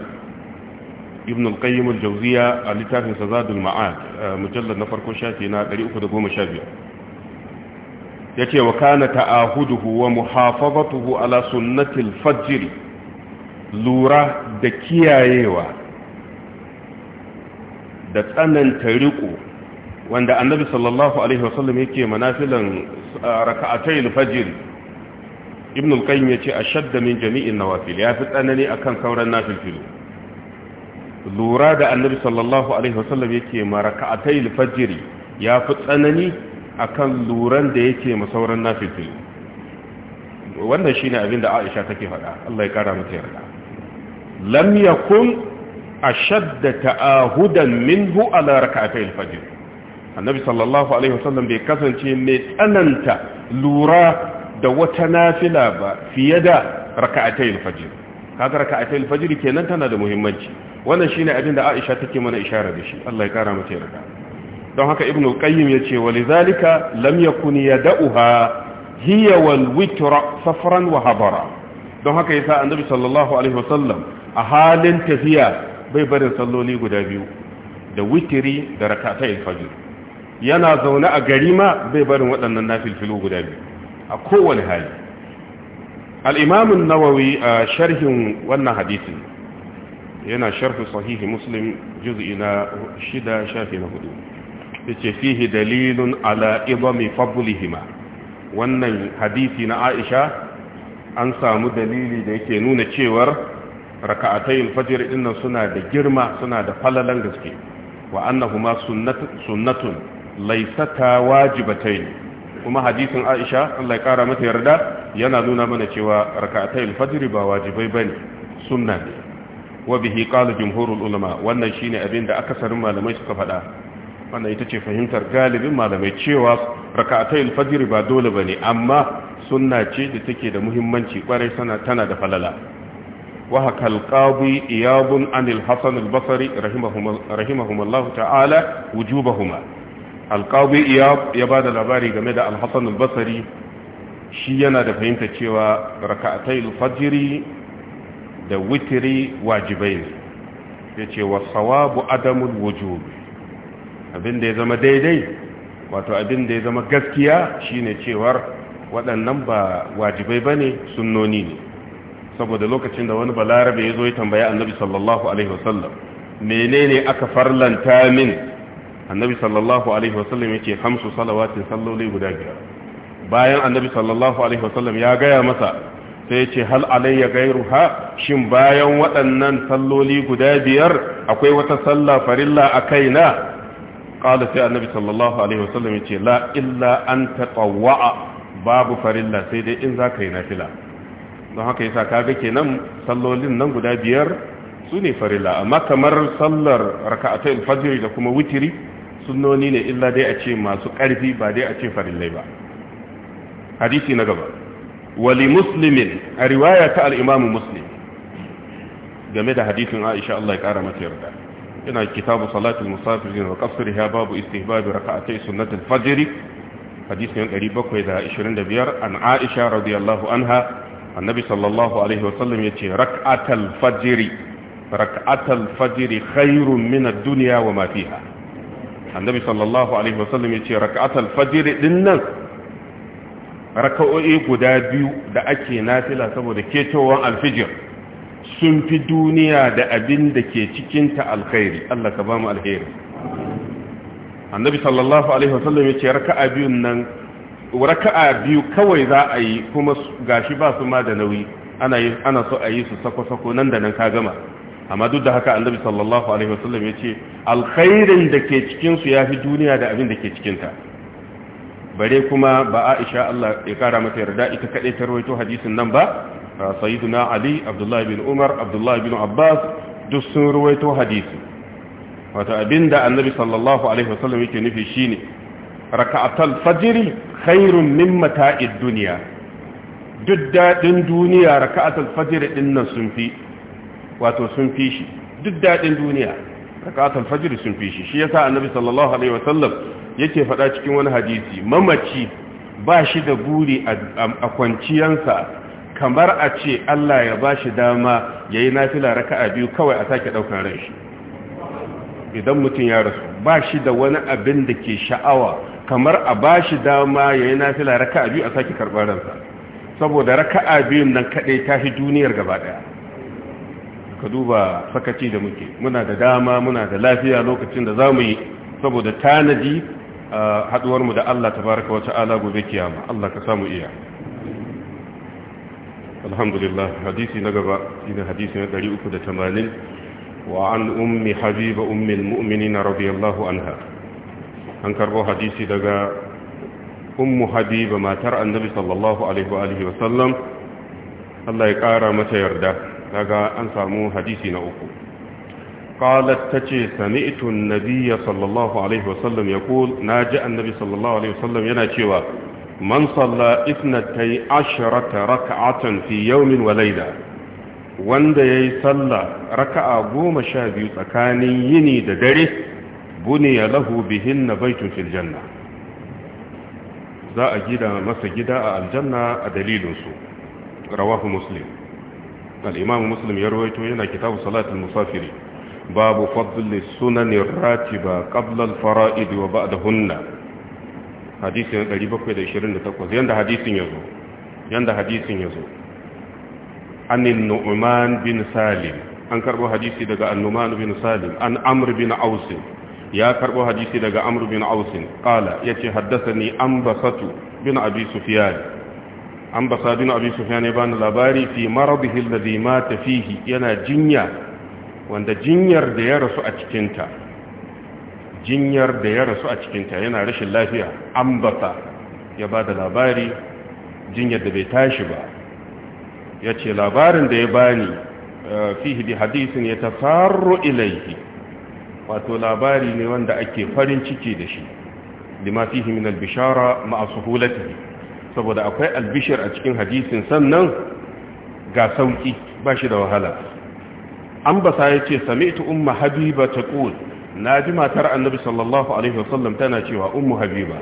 ibn al-qayyim al a littafin zadul ma'ad mujallad na farko shafi na 315 yace wa kana ta'ahudu wa muhafazatuhu ala sunnati al lura da kiyayewa da tsananta riko wanda annabi sallallahu alaihi wasallam yake manafilan raka'atayil fajr ibn al-qayyim yace ashadda min jami'in nawafil fi tsanani akan sauran nafilfilu lura da annabi sallallahu alaihi wasallam yake ma raka'atayil fajr fi tsanani akan luran da yake ma sauran nafilfilu wannan shine abin da Aisha take faɗa Allah ya kara mata yarda lam yakun ashadda ta'ahudan minhu ala raka'atayil fajr annabi sallallahu alaihi wasallam bai kasance mai tsananta lura da wata nafila ba fiye da raka'atayil fajr kaga raka'atayil fajr kenan tana da muhimmanci wannan shine abin da Aisha take mana ishara da shi Allah ya kara mata yarda don haka ibnu qayyim yace walizalika lam yakun yad'uha hiya wal witra safran wa habara don haka yasa annabi sallallahu alaihi wasallam a halin tafiya bai barin salloli guda biyu da witiri da raka'atayil fajr yana zaune a gari ma bai barin waɗannan nafilfilu guda biyu a kowane hali al'imamun nawawi a sharhin wannan hadisin yana sharhi sahihi muslim juz'i na shida shafi na hudu ya ce fihi dalilun ala ibami fabulihima wannan hadisi na aisha an samu dalili da yake nuna cewar raka'atai fajr ɗinnan suna da girma suna da falalan gaske wa ma sunnatun laisata wajibatai kuma hadisin aisha allah ya kara mata yarda yana nuna mana cewa raka'atai alfajr ba wajibai bane sunna ne wa bihi qala jumhurul ulama wannan shine abin da akasarin malamai suka faɗa wannan ita ce fahimtar galibin malamai cewa raka'atai alfajr ba dole bane amma sunna ce da take da muhimmanci kwarai sana tana da falala وهك القاضي إياب عن الحسن البصري رحمهما, رحمهما الله تعالى وجوبهما alƙawi ya ba da labari game da alhassan albasari shi yana da fahimta cewa raka'atai alfajiri da witiri wajibai ne ya ce wa sawabu adamul abin abinda ya zama daidai wato abinda ya zama gaskiya shine cewar waɗannan ba wajibai ba ne sunnoni ne saboda lokacin da wani balarabe ya zo ya tambaya annabi sallallahu alaihi wasallam menene aka farlanta min annabi sallallahu alaihi wasallam yake hamsu salawatin salloli guda biyar bayan annabi sallallahu alaihi wasallam ya gaya masa sai ya ce hal alayya gairuha shin bayan waɗannan salloli guda biyar akwai wata sallah farilla a kaina qala sai annabi sallallahu alaihi wasallam yace la illa an tatawwa babu farilla sai dai in zaka yi nafila don haka yasa kaga kenan sallolin nan guda biyar su ne farilla amma kamar sallar raka'atul fajr da kuma witiri Sunoni ne illa dai a ce masu ƙarfi ba dai a ce farillai ba hadisi na gaba wali muslimin a riwaya ta al'imamu muslim game da hadisin aisha Allah ya ƙara mata yarda yana kitabu salatul musafirin wa ya babu istihbabi istihbab rak'atay sunnatul fajr hadisin 725 an aisha radiyallahu anha annabi sallallahu alaihi wasallam yace rak'atul fajr rak'atul fajr khairun min ad-dunya wa ma fiha annabi sallallahu alaihi wasallam ya ce raka'atul fajr din nan raka'o'i guda biyu da ake nafila saboda ketowar alfijir sun fi duniya da abin da ke cikinta alkhairi Allah ka ba mu alheri annabi sallallahu alaihi wasallam ya ce raka'a biyun nan raka'a biyu kawai za a yi kuma gashi ba su ma da nauyi ana ana so a yi su sako-sako nan da nan ka gama amma duk da haka annabi sallallahu alaihi wasallam yace alkhairin da ke cikin su yafi duniya da abin da ke cikin ta bare kuma ba Aisha Allah ya kara mata yarda ita kade ta rawaito hadisin nan ba sayyiduna Ali Abdullah bin Umar Abdullah bin Abbas duk sun rawaito hadisi wato abinda annabi sallallahu alaihi wasallam yake nufi shine raka'atul fajr khairun min mata'id dunya duk dadin duniya raka'atul fajr din nan sun fi wato sun fi shi duk daɗin duniya rakatul Fajiri sun fi shi shi ya yasa annabi sallallahu alaihi wasallam yake faɗa cikin wani hadisi mamaci ba shi da buri a kwanciyansa kamar a ce Allah ya ba shi dama ya yi nafila a biyu kawai a sake ɗaukar ran shi idan mutum ya rasu ba shi da wani abin da ke sha'awa kamar a ba shi dama ya yi nafila a biyu a sake karɓar ransa saboda a biyun nan kaɗai ta fi duniyar gaba ɗaya ka duba sakaci da muke muna da dama muna da lafiya lokacin da za mu yi saboda tanadi haduwarmu da Allah ta tabaraka wata ala gobe kiyama Allah ka samu iya alhamdulillah hadisi na gaba shine hadisi na 380 wa an ummi habiba ummi almu'minin radiyallahu anha an karbo hadisi daga ummu habiba matar annabi sallallahu alaihi wa alihi wa sallam Allah ya kara mata yarda kaga an samu hadisi na uku qalat tace sami'tu an-nabiy sallallahu alaihi wasallam yaqul naji annabi sallallahu alaihi wasallam yana cewa man salla ithnatay asharata rak'atan fi yawmin wa layla wanda yayi salla raka'a goma sha biyu tsakanin yini da dare buniya lahu bihinna baitun fil janna za a gida masa gida a aljanna a dalilinsu rawahu muslim al-imam muslim ya yana kitabu salatul musafiri babu fadl sunan ratiba qabla al-fara'id wa ba'dahunna hadisin 728 yanda hadisin yazo yanda hadisin yazo anin nu'man bin salim an karbo hadisi daga annuman bin salim an amr bin aus ya karbo hadisi daga amr bin aus qala yace haddathani ambasatu bin an basa bin abi sufyan ya bani labari fi da alladhi mata fihi yana jinya wanda jinyar da ya rasu a cikinta, jinyar da ya rasu a cikinta yana rashin lafiya an basa ya bada labari jinyar da bai tashi ba yace labarin da ya bani eh, fihi bi hadisin yatasarru ilaihi wato labari ne wanda ake farin ciki da shi lima fihi min albishara ma'a suhulatihi saboda akwai albishir a cikin hadisin sannan ga sauki ba shi da wahala an basa ya ce sami ita umma habiba ta ƙul na ji matar annabi sallallahu alaihi wasallam tana cewa ummu habiba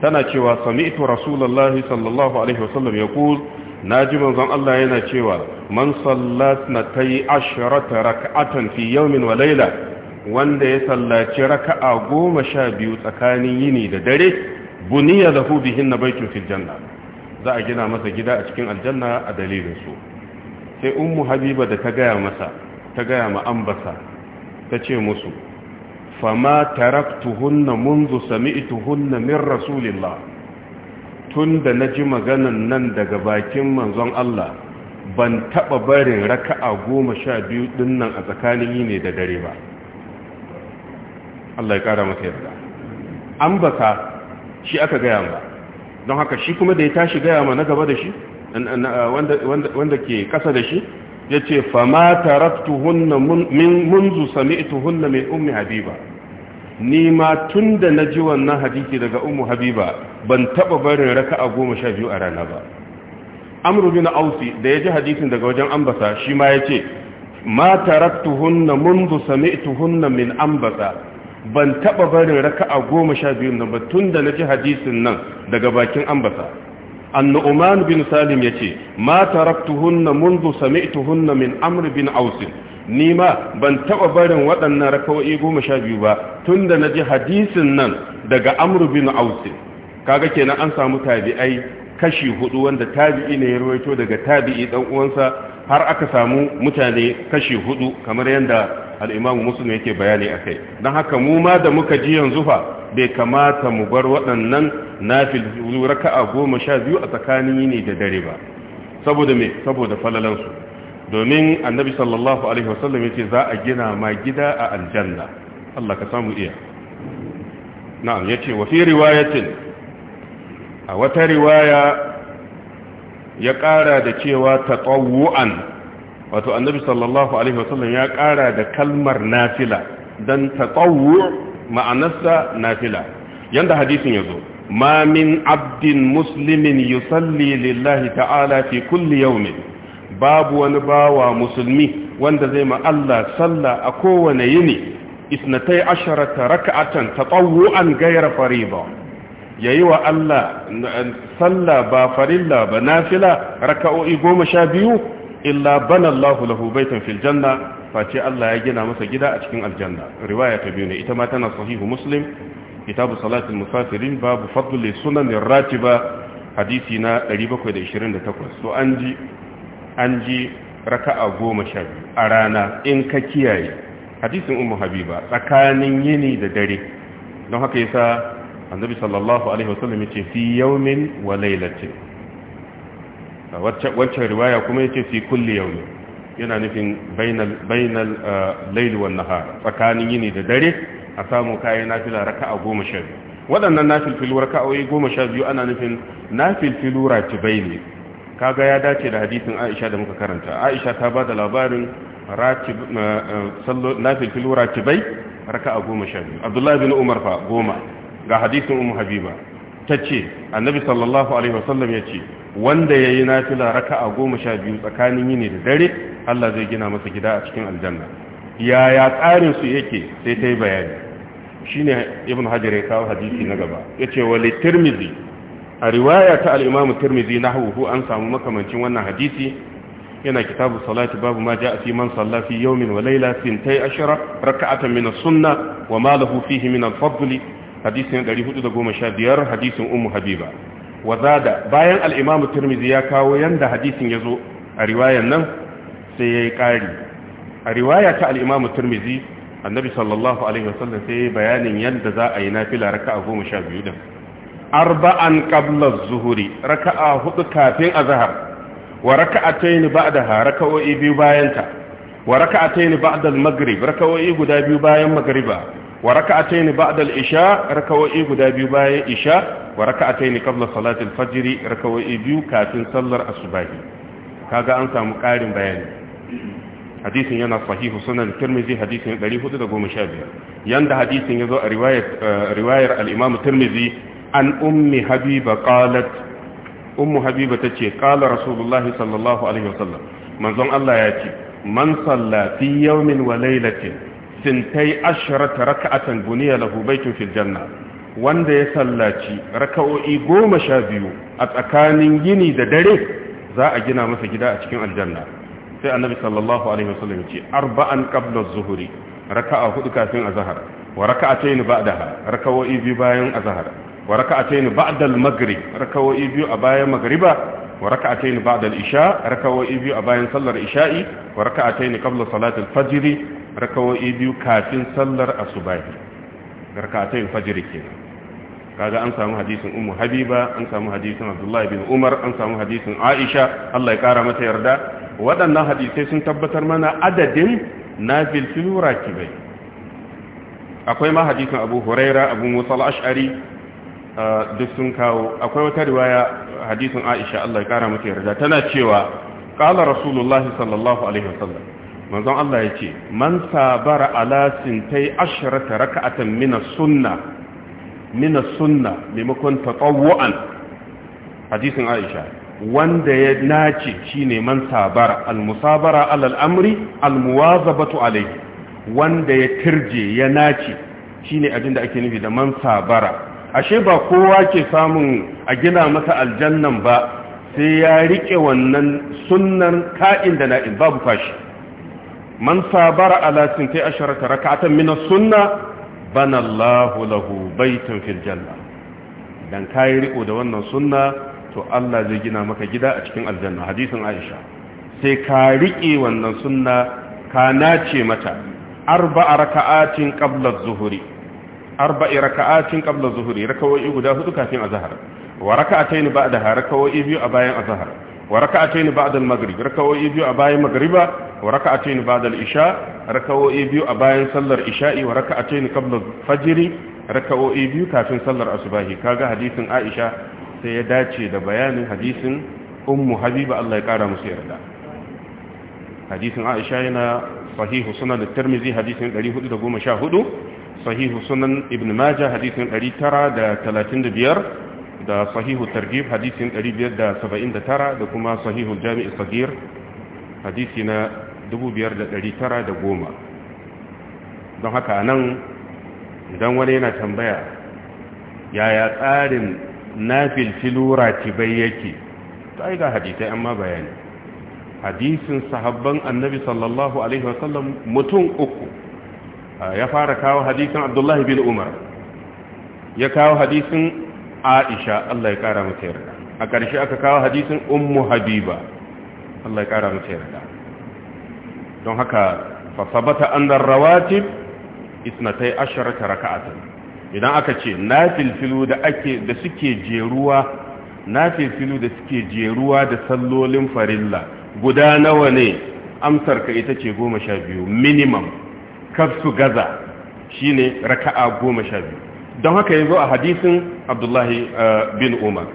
tana cewa sami ita rasulallahi sallallahu alaihi wasallam ya ƙul na ji manzon Allah yana cewa man sallat na ta yi ashirata raka'atan fi yaumin wa laila wanda ya sallaci raka'a goma sha biyu tsakanin yini da dare buniya lahu bihinna baitun fil janna za a gina masa gida a cikin aljanna a dalilin su sai ummu habiba da ta gaya masa ta gaya ma ambasa ta ce musu fama taraktuhunna منذ سمعتهن min rasulillah tunda naji maganan nan daga bakin manzon Allah ban taba barin raka'a 12 din nan a tsakanin yi ne da dare ba Allah ya kara maka yarda an baka shi aka gaya ma don haka shi kuma da ya tashi gaya ma na gaba da shi wanda ke kasa da shi ya ce fama taraftu hunna munzu sami'tu hunna mai ummi habiba ni ma tun da na ji wannan hadisi daga umu habiba ban taba barin raka a goma sha biyu a rana ba amru bin ausi da ya ji hadisin daga wajen ambasa shi ma ya ce ma taraftu hunna munzu sami'tu hunna min ambasa ban taba barin raka'a goma sha biyun nan tun da na ji hadisin nan daga bakin ambata annu'man bin salim yace ma taraktuhunna منذ سمعتهن min amr bin aus ni ma ban taba barin waɗannan raka'o'i goma sha biyu ba tun da na ji hadisin nan daga amr bin aus kaga kenan an samu tabi'ai kashi hudu wanda tabi'i ne ya rawaito daga tabi'i dan uwansa har aka samu mutane kashi hudu kamar yadda. al'imamu musulun yake bayani a kai don haka mu ma da muka ji yanzu fa bai kamata mu bar waɗannan na raka a goma sha biyu a tsakanin yini da dare ba saboda me saboda falalansu domin annabi sallallahu alaihi wasallam yace za a gina ma gida a aljanna Allah ka samu iya na'am yace wa fi riwayatin a wata riwaya ya ƙara da cewa tatawu'an wato annabi sallallahu alaihi wasallam ya ƙara da kalmar nafila don taɓawo ma'anarsa nafila yanda hadisin ya zo ma min abdin muslimin yusalli lillahi ta'ala fi kulli yaumin babu wani bawa musulmi wanda zai ma Allah sallah a kowane yini isnatai asharata raka'atan tatawu'an ghayra fariḍa yayi wa Allah sallah ba farilla ba nafila raka'o'i 12 illa banallahu Allahu lahu baitan fil janna face Allah ya gina masa gida a cikin aljanna riwaya ta biyu ne ita ma tana sahihu muslim kitabu salatul musafirin babu fadli sunan ratiba hadisi na 728 so an ji an ji raka'a goma sha biyu a rana in ka kiyaye hadisin ummu habiba tsakanin yini da dare don haka yasa annabi sallallahu alaihi wasallam yace fi yawmin wa laylatin wancan riwaya kuma yace fi kulli yawmi yana nufin bainal bainal uh, layl wan nahar tsakanin yini da dare a samu kayan nafila raka'a 12 waɗannan nafilfilu raka'o'i 12 ana nufin nafilfilu ratibaini kaga ya dace da hadisin Aisha da muka karanta Aisha ta bada labarin ratib uh, uh, nafilfilu ratibai raka'a 12 Abdullah ibn Umar fa 10 ga hadisin Ummu Habiba tace annabi sallallahu alaihi wasallam yace wanda ya yi nafila raka a goma sha biyu tsakanin yini da dare Allah zai gina masa gida a cikin aljanna yaya su yake sai ta yi bayani shi ne ibn hajjar ya kawo hadisi na gaba ya ce wale tirmizi a riwaya ta al'imamu tirmizi na hauhu an samu makamancin wannan hadisi yana kitabu salati babu ma ja'a fi man sallafi yau min wa layla sintai ashirar. raka'atan min as-sunnah wa malahu fihi min al hadisin 415 hadisin ummu habiba Wazada, bayan al-imam tirmidhi ya kawo yanda hadisin ya zo, a riwayar nan sai ya yi ƙari, a riwaya ta al-imam tirmidhi annabi sallallahu alaihi wasallam sai ya yi bayanin yadda za a yi na fila, raka a goma sha biyu din arba'an qabla zuhuri raka a hudu kafin a azhar wa raka'atayn ba'daha raka'o'i biyu bayanta wa raka'atayn ba'da al-maghrib raka'o'i guda biyu bayan magriba wa raka'atayn ba'da al-isha raka'o'i guda biyu bayan isha wa raka'atayn qabla salati al-fajr raka'o'i biyu kafin sallar asubahi kaga an samu ƙarin bayani hadisin yana sahihu sunan tirmizi hadisin 415 yanda hadisin yazo a riwayar eh, riwayar al-imam tirmizi an ummi habiba qalat ummu habiba tace qala rasulullahi sallallahu alaihi wasallam manzon Allah ya ce man salla fi yawmin wa laylatin sintai ashirata raka'atan buniya lahu baitun janna wanda ya sallaci raka'o'i goma sha biyu a tsakanin yini da dare za a gina masa gida a cikin aljanna sai annabi sallallahu alaihi wasallam ce arba'an qabla az-zuhri raka'a hudu kafin azhar wa raka'atayn ba'daha raka'o'i biyu bayan azhar wa raka'atayn ba'da al-maghrib raka'o'i biyu a bayan magriba wa raka'atayn ba'da al-isha rakawai biyu a bayan sallar isha'i wa raka'atayn qabla salati al-fajr rakawai biyu kafin sallar asubahi raka'atayn fajr kenan kaga an samu hadisin ummu habiba an samu hadisin abdullahi bin umar an samu hadisin aisha Allah ya kara mata yarda waɗannan hadisai sun tabbatar mana adadin nafil filura kibai akwai ma hadisin abu huraira abu musa al-ash'ari ah, duk sun kawo akwai wata riwaya hadisin Aisha Allah ya kara mata yarda tana cewa qala rasulullahi sallallahu alaihi wasallam manzon Allah ce man sabara ala sintai ashrata raka'atan min as-sunnah min as-sunnah maimakon tatawwu'an hadisin Aisha wanda ya nace shine man sabara al-musabara ala al-amri al-muwazabatu alayhi wanda ya tirje ya nace shine abin da ake nufi da man sabara ashe ba kowa ke samun a gina masa aljannan ba sai ya rike wannan sunnan ka'in da na'in babu fashi man sabara ala sintai asharata raka min sunna bana Allahu lahu baitan fil janna dan kai riko da wannan sunna to Allah zai gina maka gida a cikin aljanna hadisin Aisha sai ka rike wannan sunna ka nace mata arba'a raka'atin qabla adh-dhuhri arba'i raka'atin qabla raka'o'i guda hudu kafin a azhar wa raka'atayn ba'da ha raka'o'i biyu a bayan azhar wa raka'atayn ba'da al-maghrib raka'o'i biyu a bayan maghriba wa raka'atayn ba'da al-isha raka'o'i biyu a bayan sallar isha'i wa raka'atayn qabla al-fajr raka'o'i biyu kafin sallar asubahi kaga hadisin Aisha sai ya dace da bayanin hadisin ummu habiba Allah ya kara musu yarda hadisin Aisha yana sahihu sunan at-Tirmidhi hadisin 414 sahihu sunan Ibn Majah hadisin 935 da sahihu targib hadisin 579 da kuma sahihu jami'i sagir hadisi na 5910 don haka nan idan wani yana tambaya yaya tsarin nafil filura tibai yake ta aiga hadisai amma bayani hadisin sahabban annabi sallallahu alaihi wasallam mutum uku ya fara kawo hadisin abdullahi bin umar ya kawo hadisin aisha Allah ya kara mata yarda a ƙarshe aka kawo hadisin ummu habiba Allah ya kara mata yarda don haka fa sabata annar rawatib isnatai asharata raka'atan idan aka ce nafilfilu da ake da suke jeruwa nafilfilu da suke jeruwa da sallolin farilla guda nawa ne amsar ka ita ce 12 minimum kafsu gaza shine raka'a 12 don haka yanzu a hadisin abdullahi eh, bin umar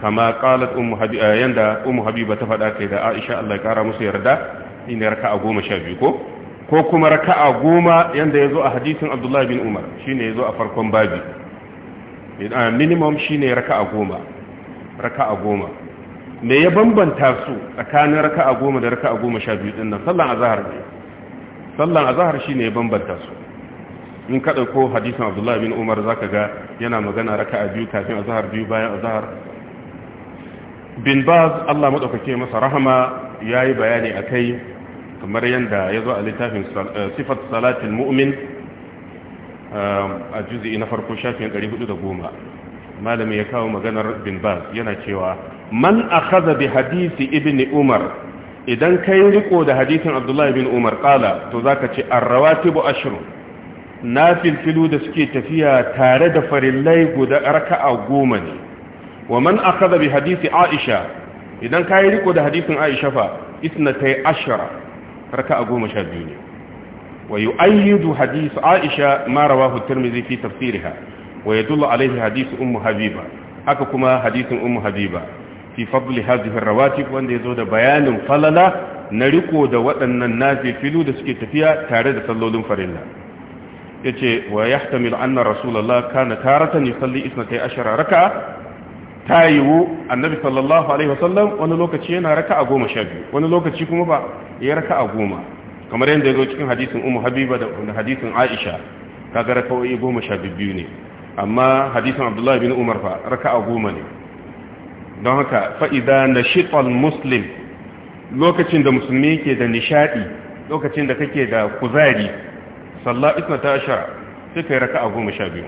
kama qalat ummu habiba eh, yanda ummu habiba ta faɗa kai da aisha Allah ya kara musu yarda ina a goma sha biyu ko ko kuma raka a goma yanda yazo a hadisin abdullahi bin umar shine yazo a farkon babi eh, minimum shine a goma raka a goma me ya bambanta su tsakanin raka a goma da raka a goma sha biyu din nan sallan azhar ne sallan azhar shine ya bambanta su in ka ɗauko hadisin abdullahi bin umar za ka ga yana magana raka a biyu kafin azahar biyu bayan azahar bin baz allah maɗaukake masa rahama ya yi bayani a kai kamar yadda ya zo a littafin eh, sifat salatin mu'min um, a juzi na farko shafin 410 malami ya kawo maganar bin baz yana cewa man akhadha bi hadisi ibni umar idan kai riko da hadisin abdullahi bin umar kala to zaka ce ar ashirin Na filfilu da suke tafiya tare da farillai guda raka'a goma ne wa man akhadha bi hadisi aisha idan kai riko da hadisin aisha fa isnatay ashara raka'a goma sha biyu ne wa yu'ayyidu hadis aisha ma rawahu tirmidhi fi tafsirha wa yadullu alayhi hadis ummu habiba haka kuma hadisin ummu habiba fi fadli hadhihi rawatib wanda yazo da bayanin falala na riko da waɗannan nazifilu da suke tafiya tare da sallolin farilla ce wa yahtamil anna rasulallah kana taratan yusalli isnatay ashara raka'a tayiwu annabi sallallahu alaihi wasallam wani lokaci yana raka a goma sha biyu wani lokaci kuma ba ya raka a goma kamar yadda ya zo cikin hadisin umu habiba da hadisin aisha kaga raka'o'i goma sha biyu ne amma hadisin abdullahi bin umar fa a goma ne don haka fa'ida na shiƙon muslim lokacin da musulmi ke da nishaɗi lokacin da kake da kuzari salla isna ta sha sai raka a goma sha biyu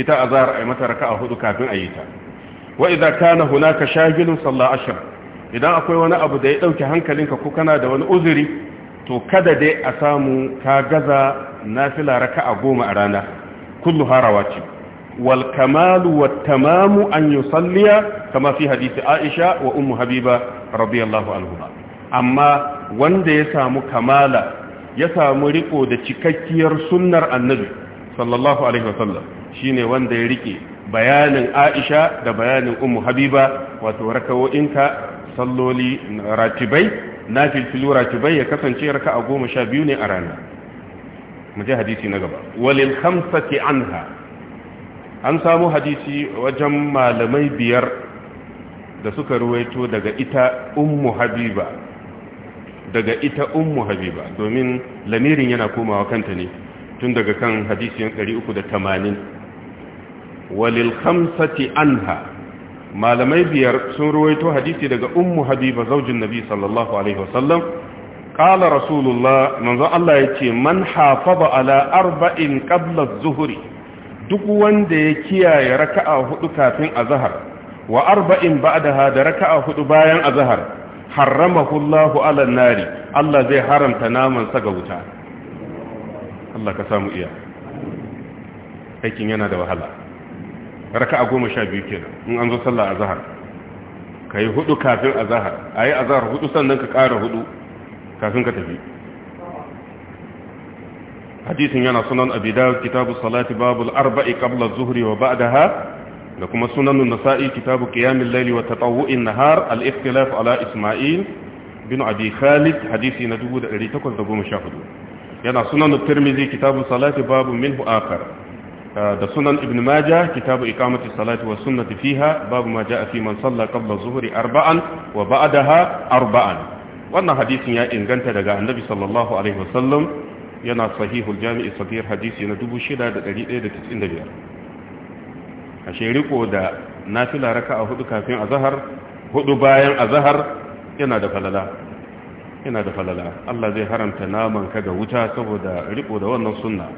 ita azhar ai mata raka'a hudu kafin a yi ta wa idza ka hunaka gilin salla ashar idan akwai wani abu da ya dauke hankalinka ko kana da wani uzuri to kada dai a samu ka gaza nafila raka'a goma a rana kullu harawaci wal kamalu wat tamamu an salliya kama fi hadisi Aisha wa ummu Habiba radiyallahu anhu amma wanda ya samu kamala ya samu riko da cikakkiyar sunnar annabi sallallahu alaihi wasallam shine wanda ya rike bayanin Aisha da bayanin Ummu Habiba wato rakao'inka salloli ratibai nafil ratibai ya kasance sha 12 ne a rana muje hadisi na gaba walil khamsati anha an samu hadisi wajen malamai biyar da suka ruwaito daga ita ummu habiba daga ita ummu habiba domin lamirin yana komawa kanta ne tun daga kan hadisiyan 380 walil khamsati anha malamai biyar sun ruwaito hadisi daga ummu habiba zaujin nabi sallallahu alaihi wasallam qala rasulullah manzo Allah yace man hafaza ala arba'in qabla az-zuhri duk wanda ya kiyaye raka'a hudu kafin azhar wa arba'in ba'daha da raka'a hudu bayan azhar haramahu Allahu ala nari Allah zai haramta naman sa ga wuta Allah ka samu iya aikin yana da wahala raka'a goma sha biyu kenan in an zo sallah azhar kai hudu kafin azhar ayi azhar hudu sannan ka ƙara hudu kafin ka tafi hadisin yana sunan abi dawud kitabu salati babul arba'i qabla az-zuhri wa ba'daha da kuma sunanun nasa'i kitabu qiyamil layli wa tatawwu'in nahar al-ikhtilaf ala isma'il bin abi khalid hadisi na 1814 yana sunanun tirmidhi kitabu salati babu minhu akhar ah, da sunan ibn majah kitabu iqamati salati wa sunnati fiha babu ma jaa fi man salla qabla zuhri arba'an wa ba'daha arba'an wannan hadisin ya inganta daga annabi sallallahu alaihi wasallam yana sahihul jami'i sabir hadisi na 6195 ashe riko da nafila a hudu kafin azhar hudu bayan azahar yana da falala yana da falala Allah zai haramta naman ka ga wuta saboda riko da wannan sunna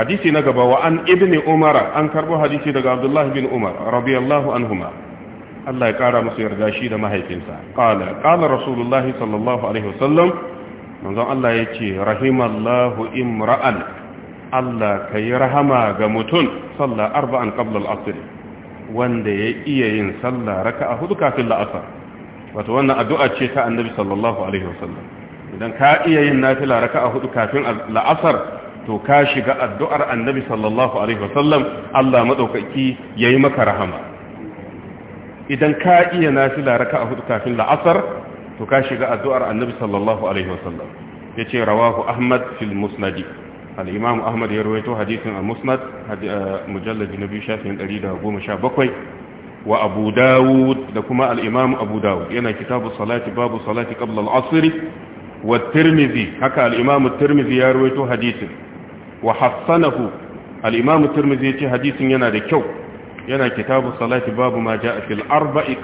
hadisi na gaba wa an ibni umar an karbo hadisi daga abdullahi bin umar radiyallahu anhuma Allah ya kara musu yarda shi da mahaifinsa qala qala rasulullahi sallallahu alaihi wasallam manzon Allah yace rahimallahu imra'an Allah ka yi rahama ga mutum sallah arba'an qablal asr wanda ya iya yin sallah raka a hudu kafin la'asar wato wannan addu'a ce ta annabi sallallahu alaihi wasallam idan ka iya yin nafila a hudu kafin la'asar to ka shiga addu'ar annabi sallallahu alaihi wasallam Allah madaukaki yi maka rahama idan ka iya nafila a hudu kafin la'asar to ka shiga addu'ar annabi sallallahu alaihi wasallam ce rawahu ahmad fil musnad al-imam ahmad ya rawaito hadithin al-musnad eh, mujallad na biyu shafin 117 wa abu dawud da kuma al abu dawud yana kitabu salati babu salati qabla al wa tirmidhi haka al-imam tirmidhi ya rawaito hadithin wa hassanahu al-imam ce hadithin yana da kyau yana kitabu salati babu ma jaa fil arba'i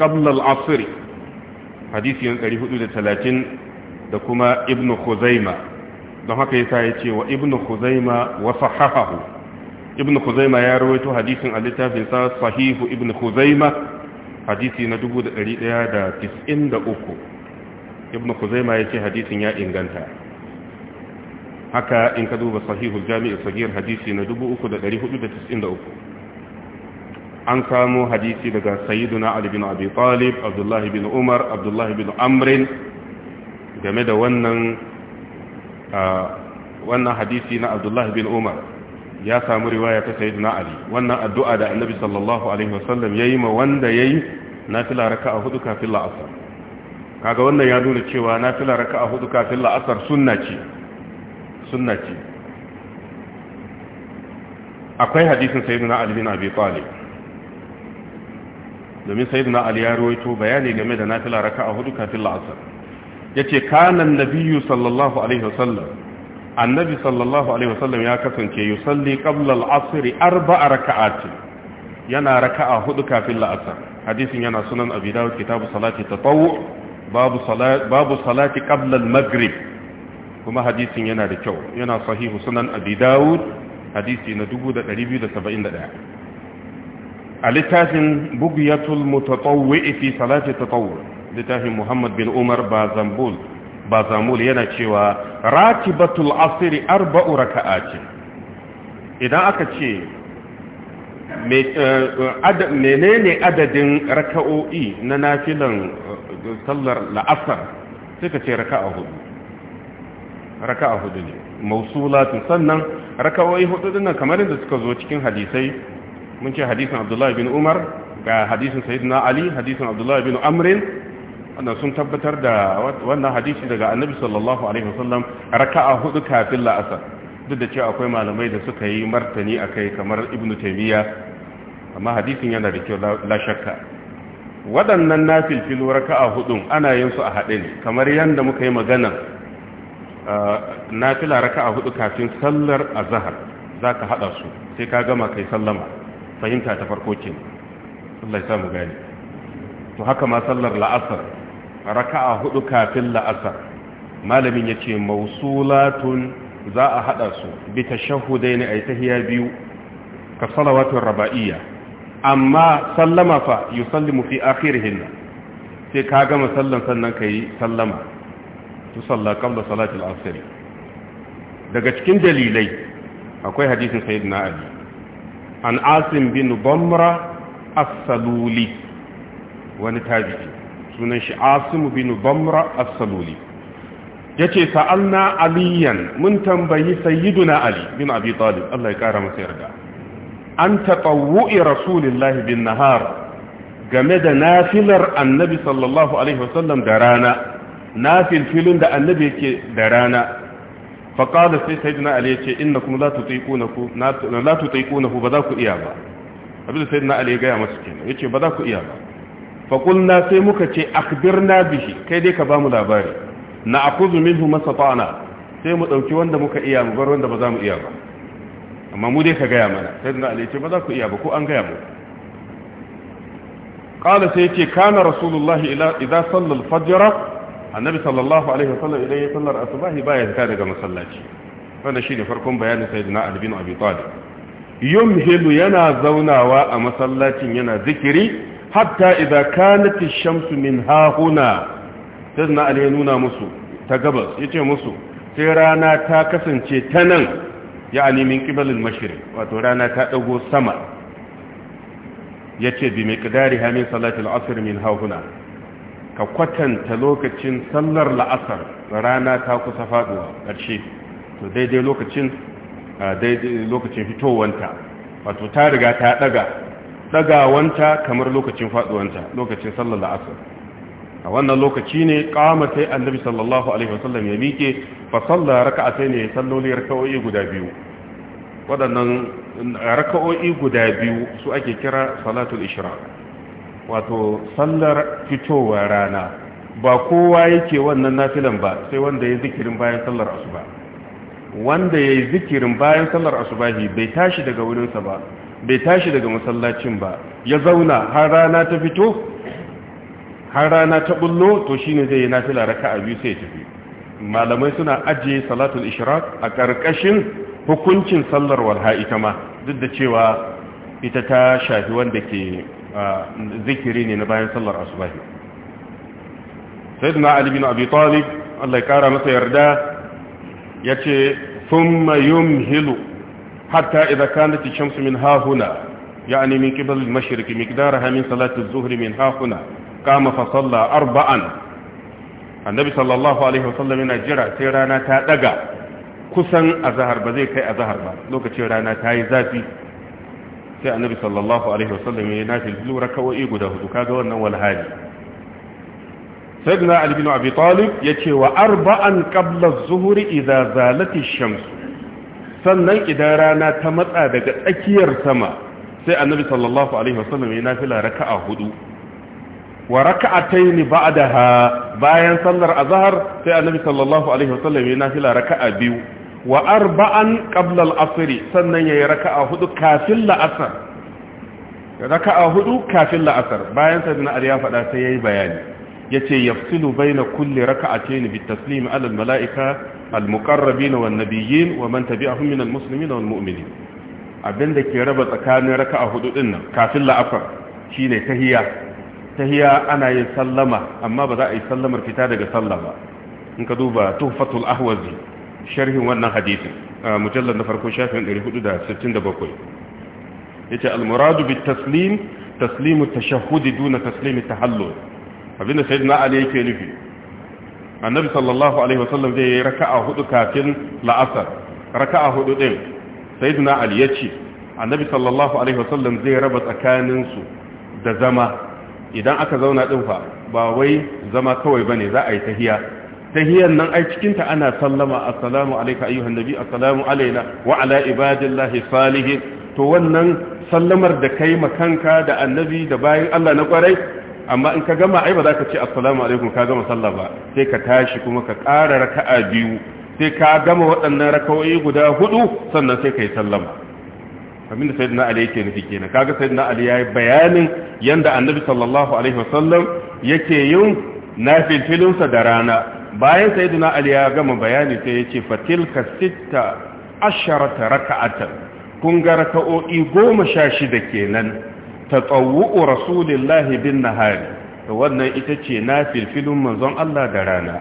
da kuma ibnu khuzaimah don haka yasa ya ce wa ibnu khuzaima wa sahahahu ibnu khuzaima ya rawaito hadisin a littafin sa sahihu ibnu khuzaima hadisi na 1193 ibnu khuzaima ya ce hadisin ya inganta haka in ka duba sahihul jami'i sagir hadisi na 3493 an kamo hadisi daga sayyiduna ali bin abi talib abdullahi bin umar abdullahi bin amrin game da wannan wannan hadisi na abdullahi bin umar ya samu riwaya ta sayyidina ali wannan addu'a da annabi sallallahu alaihi wasallam yi ma wanda na yayi nafila a hudu kafin la'asar kaga wannan ya nuna cewa na nafila a hudu kafin la'asar sunna ce sunna akwai hadisin sayyidina ali bin abi talib domin sayyidina ali ya ruwaito, bayani game da na nafila a hudu kafin la'asar yace kana nabiyyu sallallahu alaihi wasallam annabi sallallahu alaihi wasallam ya kasance yusalli qabla al-asr arba'a raka'atin yana raka'a hudu kafin la'asar hadisin yana sunan abi dawud kitabu salati tatawwu babu salati babu salati qabla al-maghrib kuma hadisin yana da kyau yana sahihu sunan abi dawud hadisi na 2271 a littafin bugiyatul mutatawwi fi salati tatawwu littafin muhammad bin umar ba zambul yana cewa rati ratibatul asiri arba'u raka'atin idan aka ce eh, menene adadin raka'o'i na nafilan eh, sallar la'asar sai ka ce raka'a hudu raka'a hudu ne mausulatun sannan raka'o'i hudu dinnan kamar yadda suka zo cikin hadisai mun ce hadisin abdullahi bin umar ga hadisin sayyidina ali hadisin abdullahi bin amrin Wannan sun tabbatar da wannan hadisi daga annabi sallallahu alaihi wasallam raka'a hudu kafin la'asar duk da cewa akwai malamai da suka yi martani akai kamar ibnu taymiya amma hadisin yana da kyau la shakka waɗannan nafilfilu raka'a hudu ana yin su a haɗe ne kamar yadda muka yi magana uh, nafila raka'a hudu kafin sallar azhar zaka hada su sai ka gama kai sallama fahimta ta farko kenan, Allah ya samu gani to haka ma sallar la'asar raka'a hudu kafin la'asar malamin ya ce mausulatun za a hada su bi shahudai ne ay tahiya biyu ka salawatul raba'iyya amma sallama fa yusallimu fi akhirihin sai ka gama sallan sannan kai sallama tu salla qabla al asr daga cikin dalilai akwai hadisin sayyidina ali an asim bin bamra as-saluli wani tabi'i sunan shi asim bin bamra as-saluli ce sa'alna aliyan mun tambayi sayyiduna ali bin abi talib Allah ya kara masa yarda an tatawwu'i rasulillahi bin nahar game da nafilar annabi sallallahu alaihi wasallam da rana nafil filin da annabi yake da rana faƙada sai sayyidina ali yace innakum la tutiqunahu la tutiqunahu ba za ku iya ba abin sayyidina ali ya ga masa kenan yace ba za ku iya ba faƙulna sai muka ce akbirna bihi kai dai ka ba mu labari na akuzu minhu masata'ana sai mu ɗauki wanda muka iya mu bar wanda ba za mu iya ba amma mu dai ka gaya mana sai da Ali ce ba za ku iya ba ko an gaya mu qala sai yace kana rasulullahi ila idza salla al-fajr annabi sallallahu alaihi wa sallam idan ya sallar asbahi baya fita daga masallaci wannan shine farkon bayanin sayyidina Ali bin Abi Talib yumhilu yana zaunawa a masallacin yana zikiri hatta idza kanati shamsu min hahuna sannan ali ya nuna musu ta gabas yace musu sai rana ta kasance ta nan ya'ani min qibal al wato rana ta ɗago sama yace bi miqdariha min salati al-asr min hahuna ka kwatanta lokacin sallar la'asar rana ta kusa faɗuwa ƙarshe to daidai lokacin fitowanta wato ta riga ta ɗaga. dagawanta kamar lokacin faduwanta lokacin sallar la'asar a wannan lokaci ne kama sai annabi sallallahu alaihi wasallam ya miƙe fa salla raka'atai ne salloli raka'o'i guda biyu waɗannan eh, raka'o'i guda biyu su ake kira salatul ishraq wato sallar fitowar rana ba kowa yake wannan nafilan ba sai wanda ya zikirin bayan sallar asuba wanda ya yi zikirin bayan sallar asubahi bai tashi daga wurinsa ba bai tashi daga masallacin ba ya zauna har rana ta fito har rana ta bullo to shine zai yi nafila raka'a biyu sai ya tafi malamai suna ajiye salatul ishraq a karkashin hukuncin sallar walha ita ma duk da cewa ita ta shafi wanda ke zikiri ne na bayan sallar asubahi sayyidina ali bin abi talib Allah ya kara masa yarda yace thumma yumhilu حتى إذا كانت الشمس من ها هنا يعني من قبل المشرق مقدارها من صلاة الظهر من ها هنا قام فصلى أربعا النبي صلى الله عليه وسلم من الجرع سيرانا تادقا كسن أزهر بذي كي أزهر با لوك سيرانا تاي ذاتي سي النبي صلى الله عليه وسلم ينافي الزلو ركوا إيقو ده دكاقا ونوال هاجي سيدنا علي بن أبي طالب يتي وأربعا قبل الظهر إذا زالت الشمس sannan idan rana ta matsa daga tsakiyar sama sai annabi sallallahu alaihi wasallam ya fila raka'a hudu wa raka'ataini ba'daha bayan sallar azhar sai annabi sallallahu alaihi wasallam ya fila raka'a biyu wa arba'an qabla al-asr sannan yayi raka'a hudu kafin la'asar raka'a hudu kafin la'asar bayan sayyidina na ya faɗa sai yayi bayani yace yafsilu baina kulli raka'ataini bitaslim ala al-mala'ika al-muqarrabin wan nabiyyin wa man tabi'ahum min al abinda ke raba tsakanin raka'a hudu din nan kafin la'afar shine tahiya. Tahiya ana yin sallama amma ba za a yi sallamar fita daga sallah ba in ka duba tuhfatul ahwazi sharhin wannan hadisin Mujallar na farko shafin 467 yace al-muradu bit taslim taslimu tashahhudi duna taslimi tahallul abinda sayyidina ali yake nufi annabi sallallahu alaihi wasallam zai yi raka'a hudu kafin la'asar raka'a hudu din sayyidina ali yace annabi sallallahu alaihi wasallam zai raba tsakaninsu da zama idan aka zauna din fa ba wai zama kawai bane za a yi tahiya tahiyan nan ai cikin ana sallama assalamu alayka ayyuhan nabi assalamu alaina wa ala ibadillahi salihin to wannan sallamar da kai makanka da annabi da bayin Allah na kwarai amma in ka gama ai ba za ka ce assalamu alaikum ka gama sallah ba sai ka tashi kuma ka ƙara raka'a biyu sai ka gama waɗannan raka'o'i guda hudu sannan sai ka yi sallama abinda sayyidina ali yake nufi kenan kaga sayyidina ali yayi bayanin yanda annabi sallallahu alaihi wasallam yake yin nafilin sa da rana bayan sayyidina ali ya gama bayani sai yace fatilka sitta asharata raka'atan kun ga raka'o'i 16 kenan tatawwu rasulillahi bin nahari wannan ita ce na filfilin manzon Allah da rana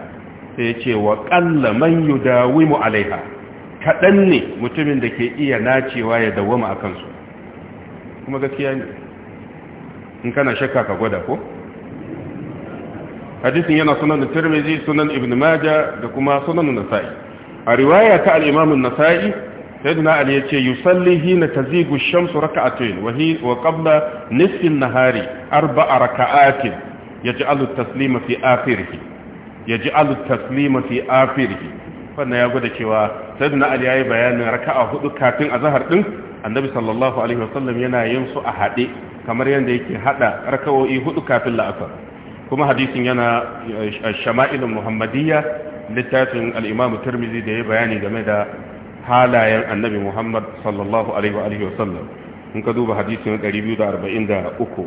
sai ce wa qalla man yudawimu alaiha kadan ne mutumin da ke iya nacewa ya dawama akan su kuma gaskiya ne in kana shakka ka gwada ko hadisin yana sunan Tirmidhi sunan Ibn Majah da kuma sunan Nasa'i a riwaya ta al-Imam An-Nasa'i sayyidina ali yace yusalli hina tazigu shamsu rak'atayn wa hi wa qabla nisfi an-nahari arba'a rak'atin yaj'alu at-taslima fi akhirih yaj'alu at-taslima fi akhirih wannan ya gwada cewa sayyidina ali yayi bayanin raka'a huɗu kafin azhar ɗin annabi sallallahu alaihi wasallam yana yin su a haɗe kamar yadda yake hada raka'o'i hudu kafin la'asar kuma hadisin yana eh, shama'ilul muhammadiyya littafin al-imam tirmidhi da ya yi bayani game da halayen annabi muhammad sallallahu alaihi wa sallam in ka duba hadisin 243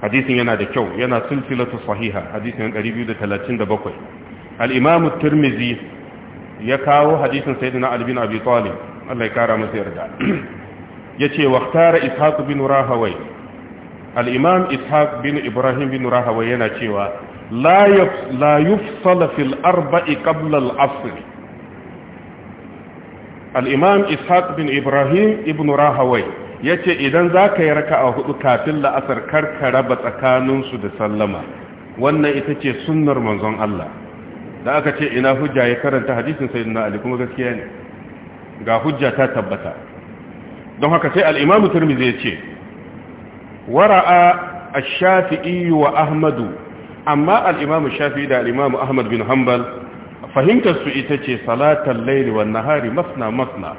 hadisin yana da kyau yana silsilatu sahiha hadisin 237 al-imam at-tirmidhi ya kawo hadisin sayyidina ali bin abi talib Allah ya kara masa yarda yace waqtara ishaq bin rahawai al-imam ishaq bin ibrahim bin rahawai yana cewa la yuf fil arba'i qabla al-asr al'imam ishaq bin ibrahim ibn rahawai ya ce idan za ka yi raka a hudu kafin la'asar karkara raba tsakaninsu da sallama wannan ita ce sunnar manzon Allah da aka ce ina hujja ya karanta hadisin sayyidina ali kuma gaskiya ne ga hujja ta tabbata don haka sai al turmi zai ya ce wara'a a shafii wa ahmadu amma al'imam shafi shafi'i da al ahmad bin hanbal fahimtar su ita ce salatan laili wan nahari masna masna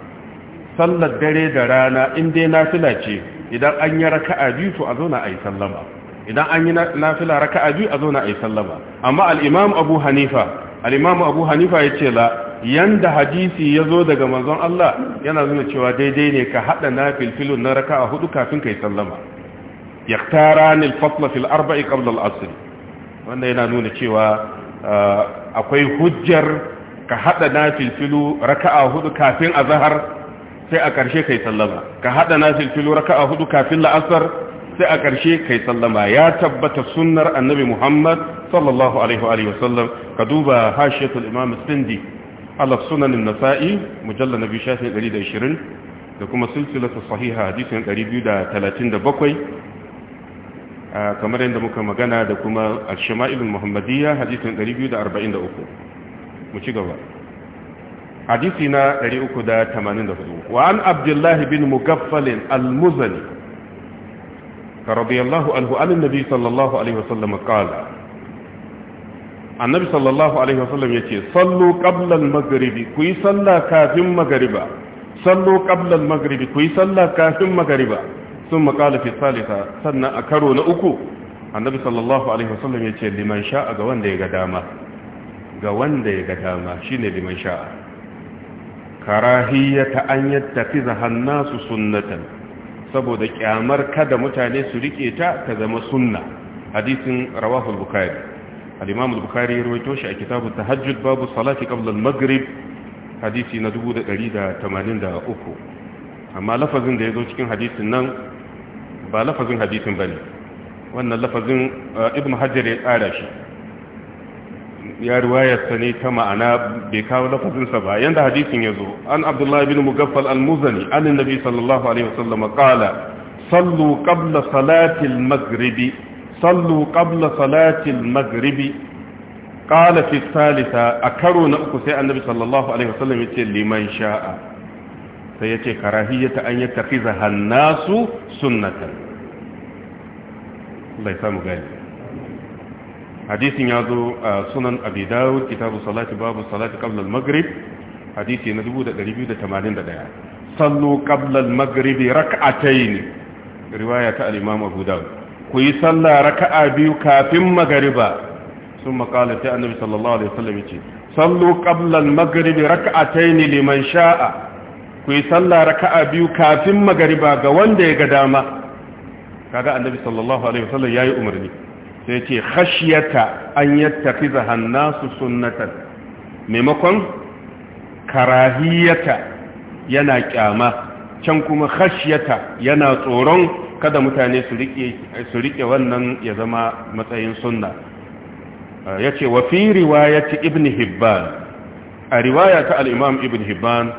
sallar dare da rana in dai nafila ce idan an yi raka'a biyu to a zauna ayi sallama idan an yi nafila raka'a biyu a zauna sallama amma al Abu Hanifa al Abu Hanifa yace la yanda hadisi ya zo daga manzon Allah yana nuna cewa daidai ne ka haɗa na filfilun na raka a hudu kafin ka yi sallama ya tara fasla fil arba'i qabla al Wanda yana nuna cewa Eh, akwai hujjar ka hada nafilfilu raka'a hudu kafin azhar sai a karshe kai sallama ka hada nafilfilu raka'a hudu kafin la'asar sai a karshe kai sallama ya tabbata sunnar annabi Muhammad sallallahu alaihi wa sallam ka duba hashiyatul imam sindi ala sunan an-nasa'i mujallal nabi shafi 120 da kuma silsilatu sahiha hadisin 237 kamar yadda muka magana da kuma al-shama'ilul muhammadiyya hadisin 243 mu ci gaba hadisi na 384 wa an abdullah bin mugaffal al-muzani radiyallahu anhu an nabi sallallahu alaihi wasallam qala annabi sallallahu alaihi wasallam yace sallu qabla al-maghribi ku yi sallah kafin maghriba sallu qabla al-maghribi ku yi sallah kafin maghriba sun makala fi salisa sannan a karo na uku annabi sallallahu alaihi wasallam ya ce liman sha'a ga wanda ya ga dama ga wanda ya ga dama shine liman sha'a karahiyata an yattakiza hannasu sunnatan saboda kyamar kada mutane su rike ta ta zama sunna hadisin Rawahul al-bukhari al-imam al-bukhari ya rawaito shi a kitabu tahajjud babu salati qabla al-maghrib hadisi na 1183 amma lafazin da ya zo cikin hadisin nan ba lafazin hadisin ne wannan lafazin uh, ibn hajar ya tsara shi ya riwayarsa ne ta ma'ana bai kawo lafazinsa ba yanda hadisin ya zo an abdullahi bin mugaffal al-muzani an nabi sallallahu alaihi wasallam qala sallu qabla al sallu qabla salati magribi ƙala qala a karo na uku sai annabi sallallahu alaihi wasallam yace liman sha'a sai yace karahiyata an yattakhiza hannasu sunnatan Allah samu gani hadisin ya zo a sunan abi dawud kitabu salati babu salati qabla al hadisi na 2281 sallu qabla al-maghrib rak'atayn riwaya ta al-imam abu dawud ku yi sallah raka'a biyu kafin magriba sun makala ta annabi sallallahu alaihi wasallam yace sallu qabla al-maghrib rak'atayn liman sha'a ku yi sallah raka'a biyu kafin magriba ga wanda ya ga dama kaga annabi sallallahu alaihi wasallam yayi umarni sai ce khashiyata an yattakhiza hannasu sunnatan maimakon karahiyata yana kyama can kuma khashiyata yana tsoron kada mutane su rike su rike wannan ya zama matsayin sunna ah, yace wa fi riwayati ibn hibban a riwaya ta al-imam ibn hibban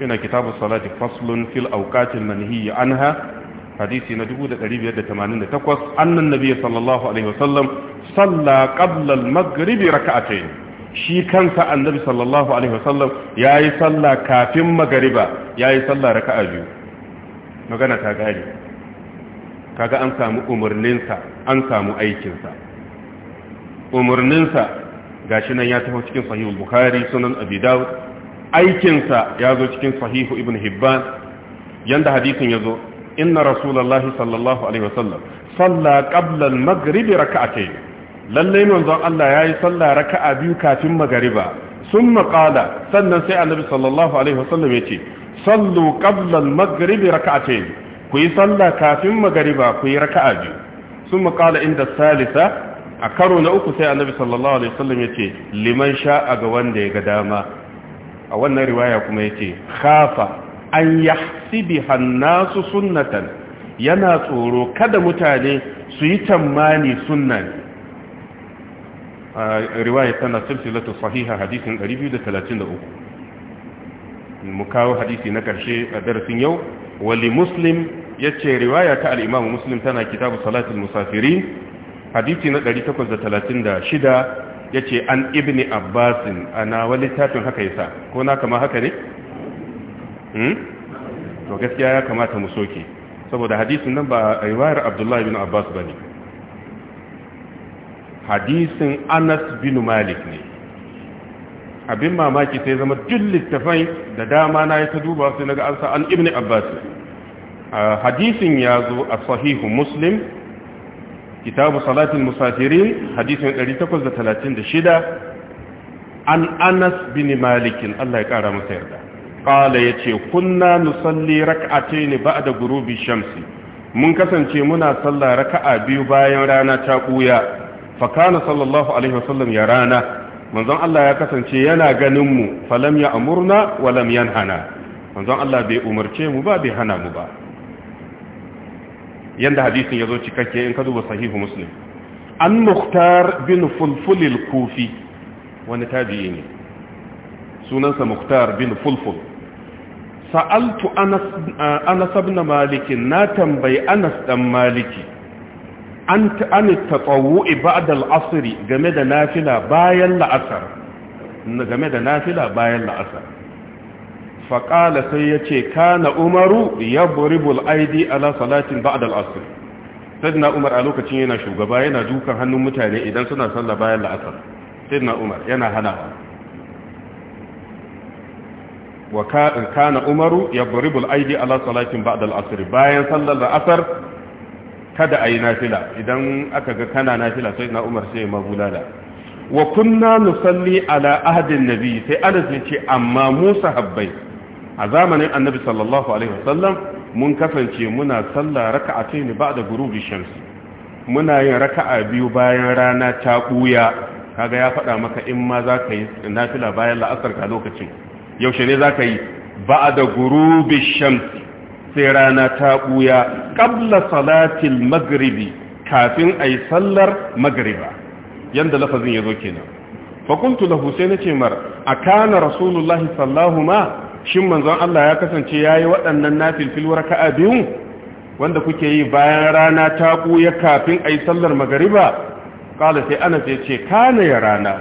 yana kitabu salati faslun fil awqatil manhiya anha hadisi na 1588 annan nabiyyi sallallahu alaihi wasallam salla qabla al-maghrib rak'atayn shi kansa annabi sallallahu alaihi wasallam yayi salla kafin magriba yayi salla raka'a biyu magana ta gari kaga an samu umurninsa an samu aikinsa umurninsa gashi nan ya taho cikin sahihul bukhari sunan abi dawud aikinsa ya zo cikin sahihu ibn hibban yanda hadisin ya zo inna rasulullahi sallallahu alaihi wasallam salla qabla al-maghrib rak'atayn lalle manzon Allah yayi salla raka'a biyu kafin magriba summa qala sannan sai annabi sallallahu alaihi wasallam yace sallu ƙablan al-maghrib rak'atayn ku yi salla kafin magriba ku yi raka'a biyu summa qala inda salisa a karo na uku sai annabi sallallahu alaihi wasallam yace liman sha'a ga wanda ya ga dama a wannan riwaya kuma yace khafa an yahsibiha hannasu sunnatan yana tsoro kada mutane su yi tamani sunnan riwaya tana silsilatu sahiha hadisin 233 mu kawo hadisi na ƙarshe a darasin yau wali muslim ya ce riwaya ta al'imamu muslim tana kitabu salatul musafiri. hadisi na 836 ce an ibni abbasin ana wani littafin haka yasa ko na kama haka ne Hmm? to gaskiya ya kamata mu soke saboda hadisin nan ba riwayar Abdullahi bin Abbas ba ne. hadisin Anas bin Malik ne abin mamaki sai zama duk littafai da dama na yi ta duba sai ga ansa an ibn abbas hadisin ya zo a sahihu muslim kitabu salatin musafirin hadisin 836 an anas bin malikin allah ya kara masa yarda ya ce kunna nusalli ba da gurubi shamsi mun kasance muna sallah raka'a biyu bayan rana ta ɓuya fa sallallahu alaihi wasallam ya rana manzon Allah ya kasance yana ganin mu falam ya amurna wa lam yanhana manzon Allah bai umarce mu ba bai hana mu ba yanda hadisin ya zo cikakke in ka duba sahihu muslim an muhtar bin fulfulil kufi wani tabi'i ne sunansa muktar bin fulful sa'altu anas ibn malik na tambayi anas dan maliki an an tatawu'i ba'da al-asr game da nafila bayan la'asar game da nafila bayan la'asar fa qala sai yace kana umaru yadribu al-aidi ala salatin ba'da al-asr sayyidina umar a lokacin yana shugaba yana dukan hannun mutane idan suna sallah bayan la'asar sayyidina umar yana hanawa wa kana umaru ya buribul aidi ala salatin ba'da asr bayan sallar la'asar? kada ayi nafila idan aka ga kana nafila sai na umar sai magulala wa kunna nusalli ala ahdin nabi sai anas amma musa habbai. a zamanin annabi sallallahu alaihi wasallam mun kasance muna sallah raka'atayn ba'da ghurubi shams muna yin raka'a biyu bayan rana ta buya kaga ya faɗa maka in ma za ka yi nafila bayan la'asar ka lokacin yaushe ne za ka yi da gurubi shamsi sai rana ta buya ƙabla salatin magaribi kafin yi sallar magariba? yanda lafazin zo kenan fa qultu lahu sai ce mar kana rasulullahi sallallahu ma shin manzon Allah ya kasance yayi waɗannan nafilfil raka'a biyu wanda kuke yi bayan rana ta buya kafin ayi sallar magariba? Ƙala sai ana sai ce kana ya rana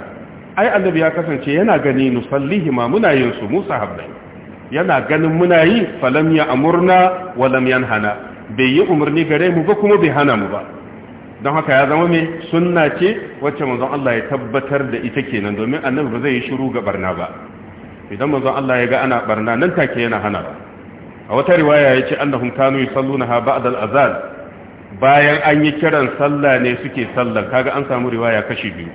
ai annabi ya kasance yana gani nusallihi ma muna yin su mu sahabbai yana ganin muna yi falam ya amurna wa lam yanhana bai yi umarni gare mu ba kuma bai hana mu ba don haka ya zama mai sunna ce wacce manzon Allah ya tabbatar da ita kenan domin annabi ba zai yi shiru ga barna ba idan manzon Allah ya ga ana barna nan take yana hana ba a wata riwaya yace annahum kanu yusalluna ba'da al-azan bayan an yi kiran sallah ne suke sallah kaga an samu riwaya kashi biyu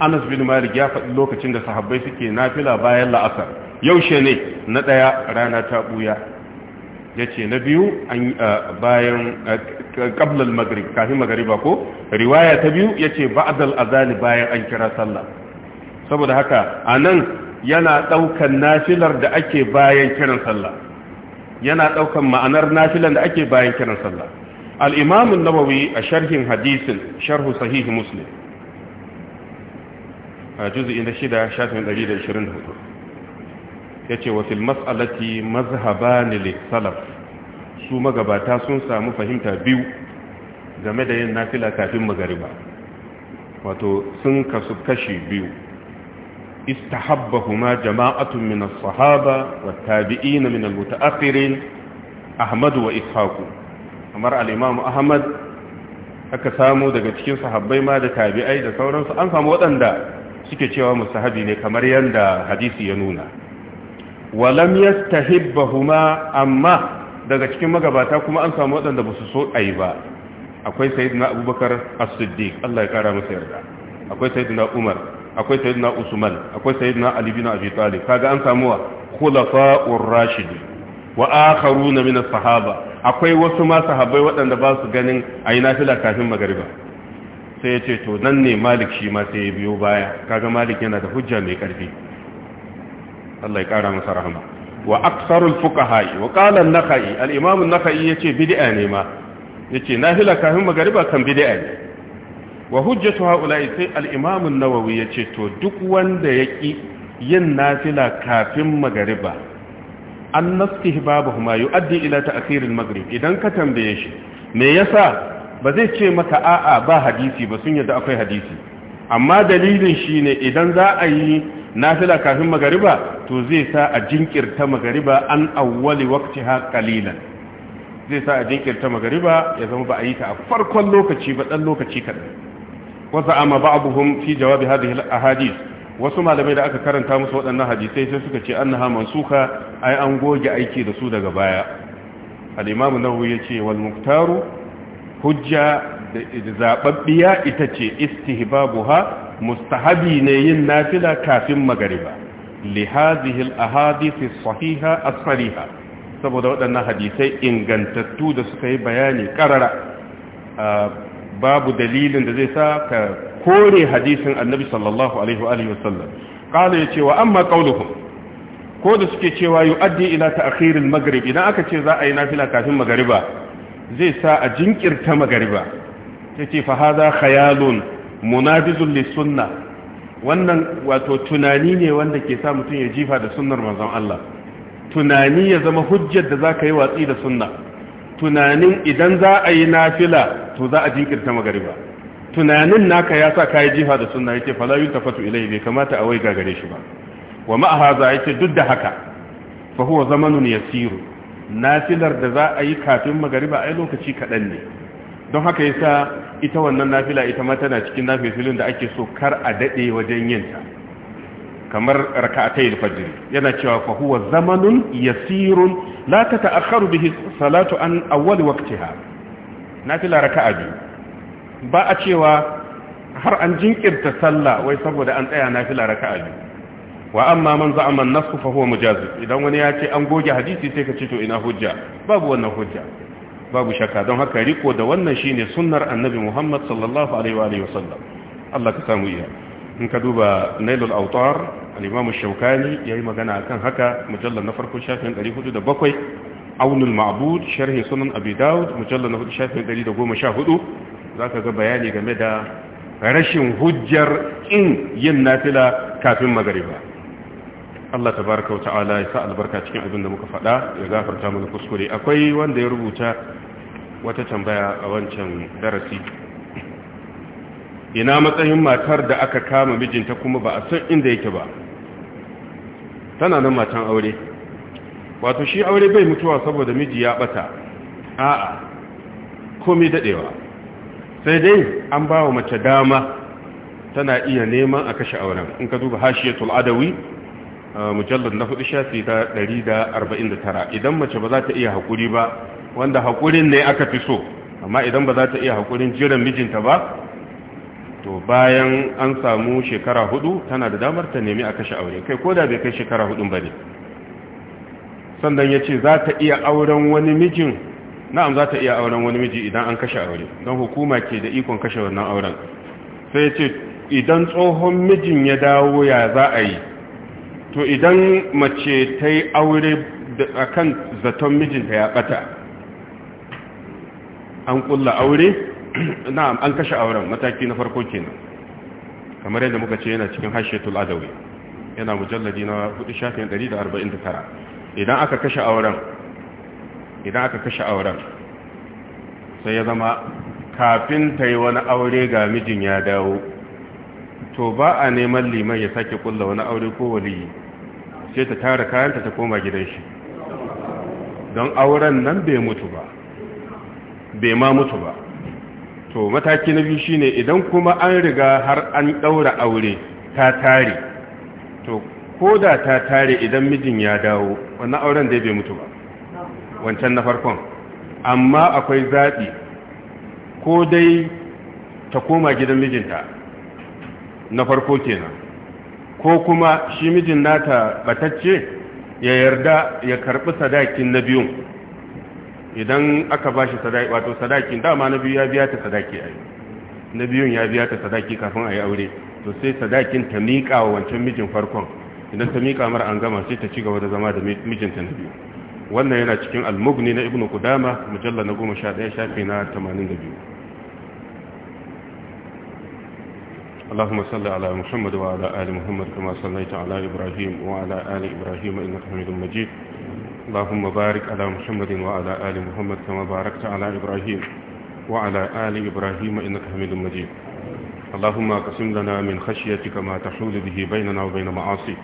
anas bin malik ya faɗi lokacin da sahabbai suke nafila bayan la'asar yaushe ne na ɗaya rana ta ɓuya ya ce na biyu bayan ƙablal magrib kafin magariba ko riwaya ta biyu ya ce ba'adal azali bayan an kira sallah saboda haka a nan yana ɗaukan nafilar da ake bayan kiran sallah yana ɗaukan ma'anar nafilar da ake bayan kiran sallah Al'imamin nawawi a sharhin hadisin sharhu sahihi muslim a juzi na shida shafin 124 ya ce wasu matsalaki mazhaba ne salaf su magabata sun samu fahimta biyu game da yin nafila kafin magariba wato sun kasu kashi biyu kuma jama'atun min sahaba wa tabi'in min al-mutaakhirin ahmadu wa ishaku kamar al'imamu Ahmad aka samu daga cikin sahabbai ma da tabi'ai da sauransu an samu waɗanda suke cewa mustahabi ne kamar yadda hadisi ya nuna walam yastahibbahuma amma daga cikin magabata kuma an samu waɗanda ba su so ayi ba akwai sayidina abubakar as-siddiq Allah ya ƙara masa yarda akwai sayidina umar akwai sayidina usman akwai sayidina ali bin abi talib kaga an samu wa khulafa'ur rashidi wa akharuna min as-sahaba akwai wasu ma sahabbai waɗanda ba su ganin ayi nafila kafin magariba sai ya ce to nan ne malik shi ma sai ya biyo baya kaga malik yana da hujja mai karfi Allah ya kara masa rahama wa aksarul fuqaha'i wa qala an-nakhai al-imam an-nakhai yace bid'a ne ma yace nahila kafin magariba kan bid'a ne wa hujjatu ha'ula'i sai al-imam an-nawawi yace to duk wanda yaki yin nafila kafin magariba an nastihbabuhuma yu'addi ila ta'khir al-maghrib idan ka tambaye shi me yasa ba zai ce maka a'a ba hadisi ba sun yadda akwai hadisi amma dalilin shi ne idan za a yi nafila kafin magariba to zai sa a jinkirta magariba an awwali waqtiha qalilan zai sa a jinkirta magariba ya zama ba a yi ta a farkon lokaci ba dan lokaci kadan wasu amma ba'dhum fi jawabi hadhihi al wasu malamai da aka karanta musu waɗannan hadisai sai suka ce annaha mansuka ai an goge aiki da su daga baya al-imam nawawi yace wal muktaru hujja da zababbiya ita ce ha mustahabi ne yin nafila kafin magariba lihazihil hadhihi sahiha as saboda waɗannan hadisai ingantattu da suka yi bayani ƙarara ah, babu dalilin da zai sa ka kore hadisin annabi sallallahu alaihi wa sallam qala ya cewa amma qawluhum ko da suke cewa yu'addi ila ta akhirin maghrib idan aka ce za a yi nafila kafin magariba zai sa a jinkirta magariba ta ce fa haza khayalun munadizun li sunna wannan wato tunani ne wanda ke sa mutum ya jifa da sunnar manzon Allah tunani ya zama hujjar da zaka yi watsi da sunna tunanin idan za a yi nafila to za a jinkirta magariba tunanin naka ya sa kai jifa da sunna yake fala yutafatu ilai bai kamata a wai gagare shi ba wa ma haza yake duk da haka fa huwa zamanun yasiru nafilar da za a yi kafin magariba ai lokaci kaɗan ne don haka yasa ita wannan nafila ita ma tana cikin nafilin da ake so kar a daɗe wajen yinta kamar raka'atay al-fajr yana cewa fa huwa zamanun yasirun la tata'akhkharu bihi salatu an awwal waqtiha nafila raka'a biyu ba a cewa har an jinkirta sallah wai saboda an tsaya nafila raka'a biyu wa amma man za'ama an-nasu fa huwa mujazib idan wani ya ce an goge hadisi sai ka ce to ina hujja babu wannan hujja babu shakka don haka riko da wannan shine sunnar annabi Muhammad sallallahu alaihi wa alihi wasallam Allah ka samu iya in ka duba Nailul Awtar al-Imam Ash-Shawkani yayi magana akan haka mujallal na farko shafin 407 Aunul Ma'bud sharhin Sunan Abi Dawud mujallal na shafin 114 zaka ga bayani game da rashin hujjar in yin nafila kafin magariba Allah ta tabaraka ta'ala ya sa albarka cikin abin da muka faɗa ya gafarta mana kuskure akwai wanda ya rubuta wata tambaya a wancan darasi ina matsayin matar da aka kama mijinta kuma ba a san inda yake ba tana nan matan aure wato shi aure bai mutuwa saboda miji ya bata a'a komai dadewa sai dai an ba wa mace dama tana iya neman a kashe auren in ka duba hashiyatul adawi mujallar na hudu shafi da 149 idan mace ba za ta iya haƙuri ba wanda haƙurin ne aka fi so amma idan ba za ta iya haƙurin jiran mijinta ba to bayan an samu shekara hudu tana da damar ta nemi a kashe aure kai ko da bai kai shekara hudun ba ne sannan ya ce za ta iya auren wani mijin na'am za ta iya auren wani miji idan an kashe aure don hukuma ke da ikon kashe wannan auren sai ya ce idan tsohon mijin ya dawo ya za a yi to idan mace ta yi aure a kan zaton mijinta ya bata an kulla aure na an kashe auren mataki na farko kenan kamar yadda muka ce yana cikin hashetul adawi yana mujalladi na 4,149 idan aka kashe auren idan aka kashe auren sai ya zama kafin ta yi wani aure ga mijin ya dawo to ba a neman liman ya sake kulla wani aure ko waliyi sai ta tara kayanta ta koma gidan shi don auren nan bai mutu ba bai ma mutu ba to mataki na biyu shine idan kuma an riga har an daura aure ta tare to ko da ta tare idan mijin ya dawo wannan auren da bai mutu ba wancan na farkon amma akwai zaɓi ko dai ta koma gidan mijinta na farko kenan ko kuma shi mijin nata batacce ya yarda ya karbi sadakin na biyun idan aka ba shi sadaki wato sadakin dama na biyu ya biya ta sadaki a na biyun ya biya ta sadaki kafin a yi aure to sai sadakin ta miƙa wa wancan mijin farkon idan ta miƙa mara an gama sai ta ci gaba da zama da mijinta na biyu wannan yana cikin almugni na ibnu kudama mujalla na goma sha ɗaya shafi na tamanin اللهم صل على محمد وعلى آل محمد كما صليت على إبراهيم وعلى آل إبراهيم إنك حميد مجيد اللهم بارك على محمد وعلى آل محمد كما باركت على إبراهيم وعلى آل إبراهيم إنك حميد مجيد اللهم اقسم لنا من خشيتك ما تحول به بيننا وبين معاصيك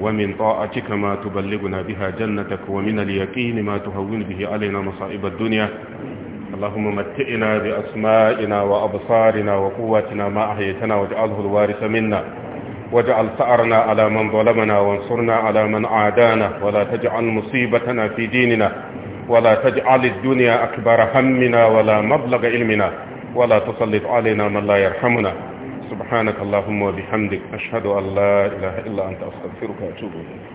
ومن طاعتك ما تبلغنا بها جنتك ومن اليقين ما تهون به علينا مصائب الدنيا اللهم متئنا بأسمائنا وأبصارنا وقواتنا ما أحيتنا واجعله الوارث منا واجعل ثأرنا على من ظلمنا وانصرنا على من عادانا ولا تجعل مصيبتنا في ديننا ولا تجعل الدنيا أكبر همنا ولا مبلغ علمنا ولا تسلط علينا من لا يرحمنا سبحانك اللهم وبحمدك أشهد أن لا إله إلا أنت أستغفرك وأتوب إليك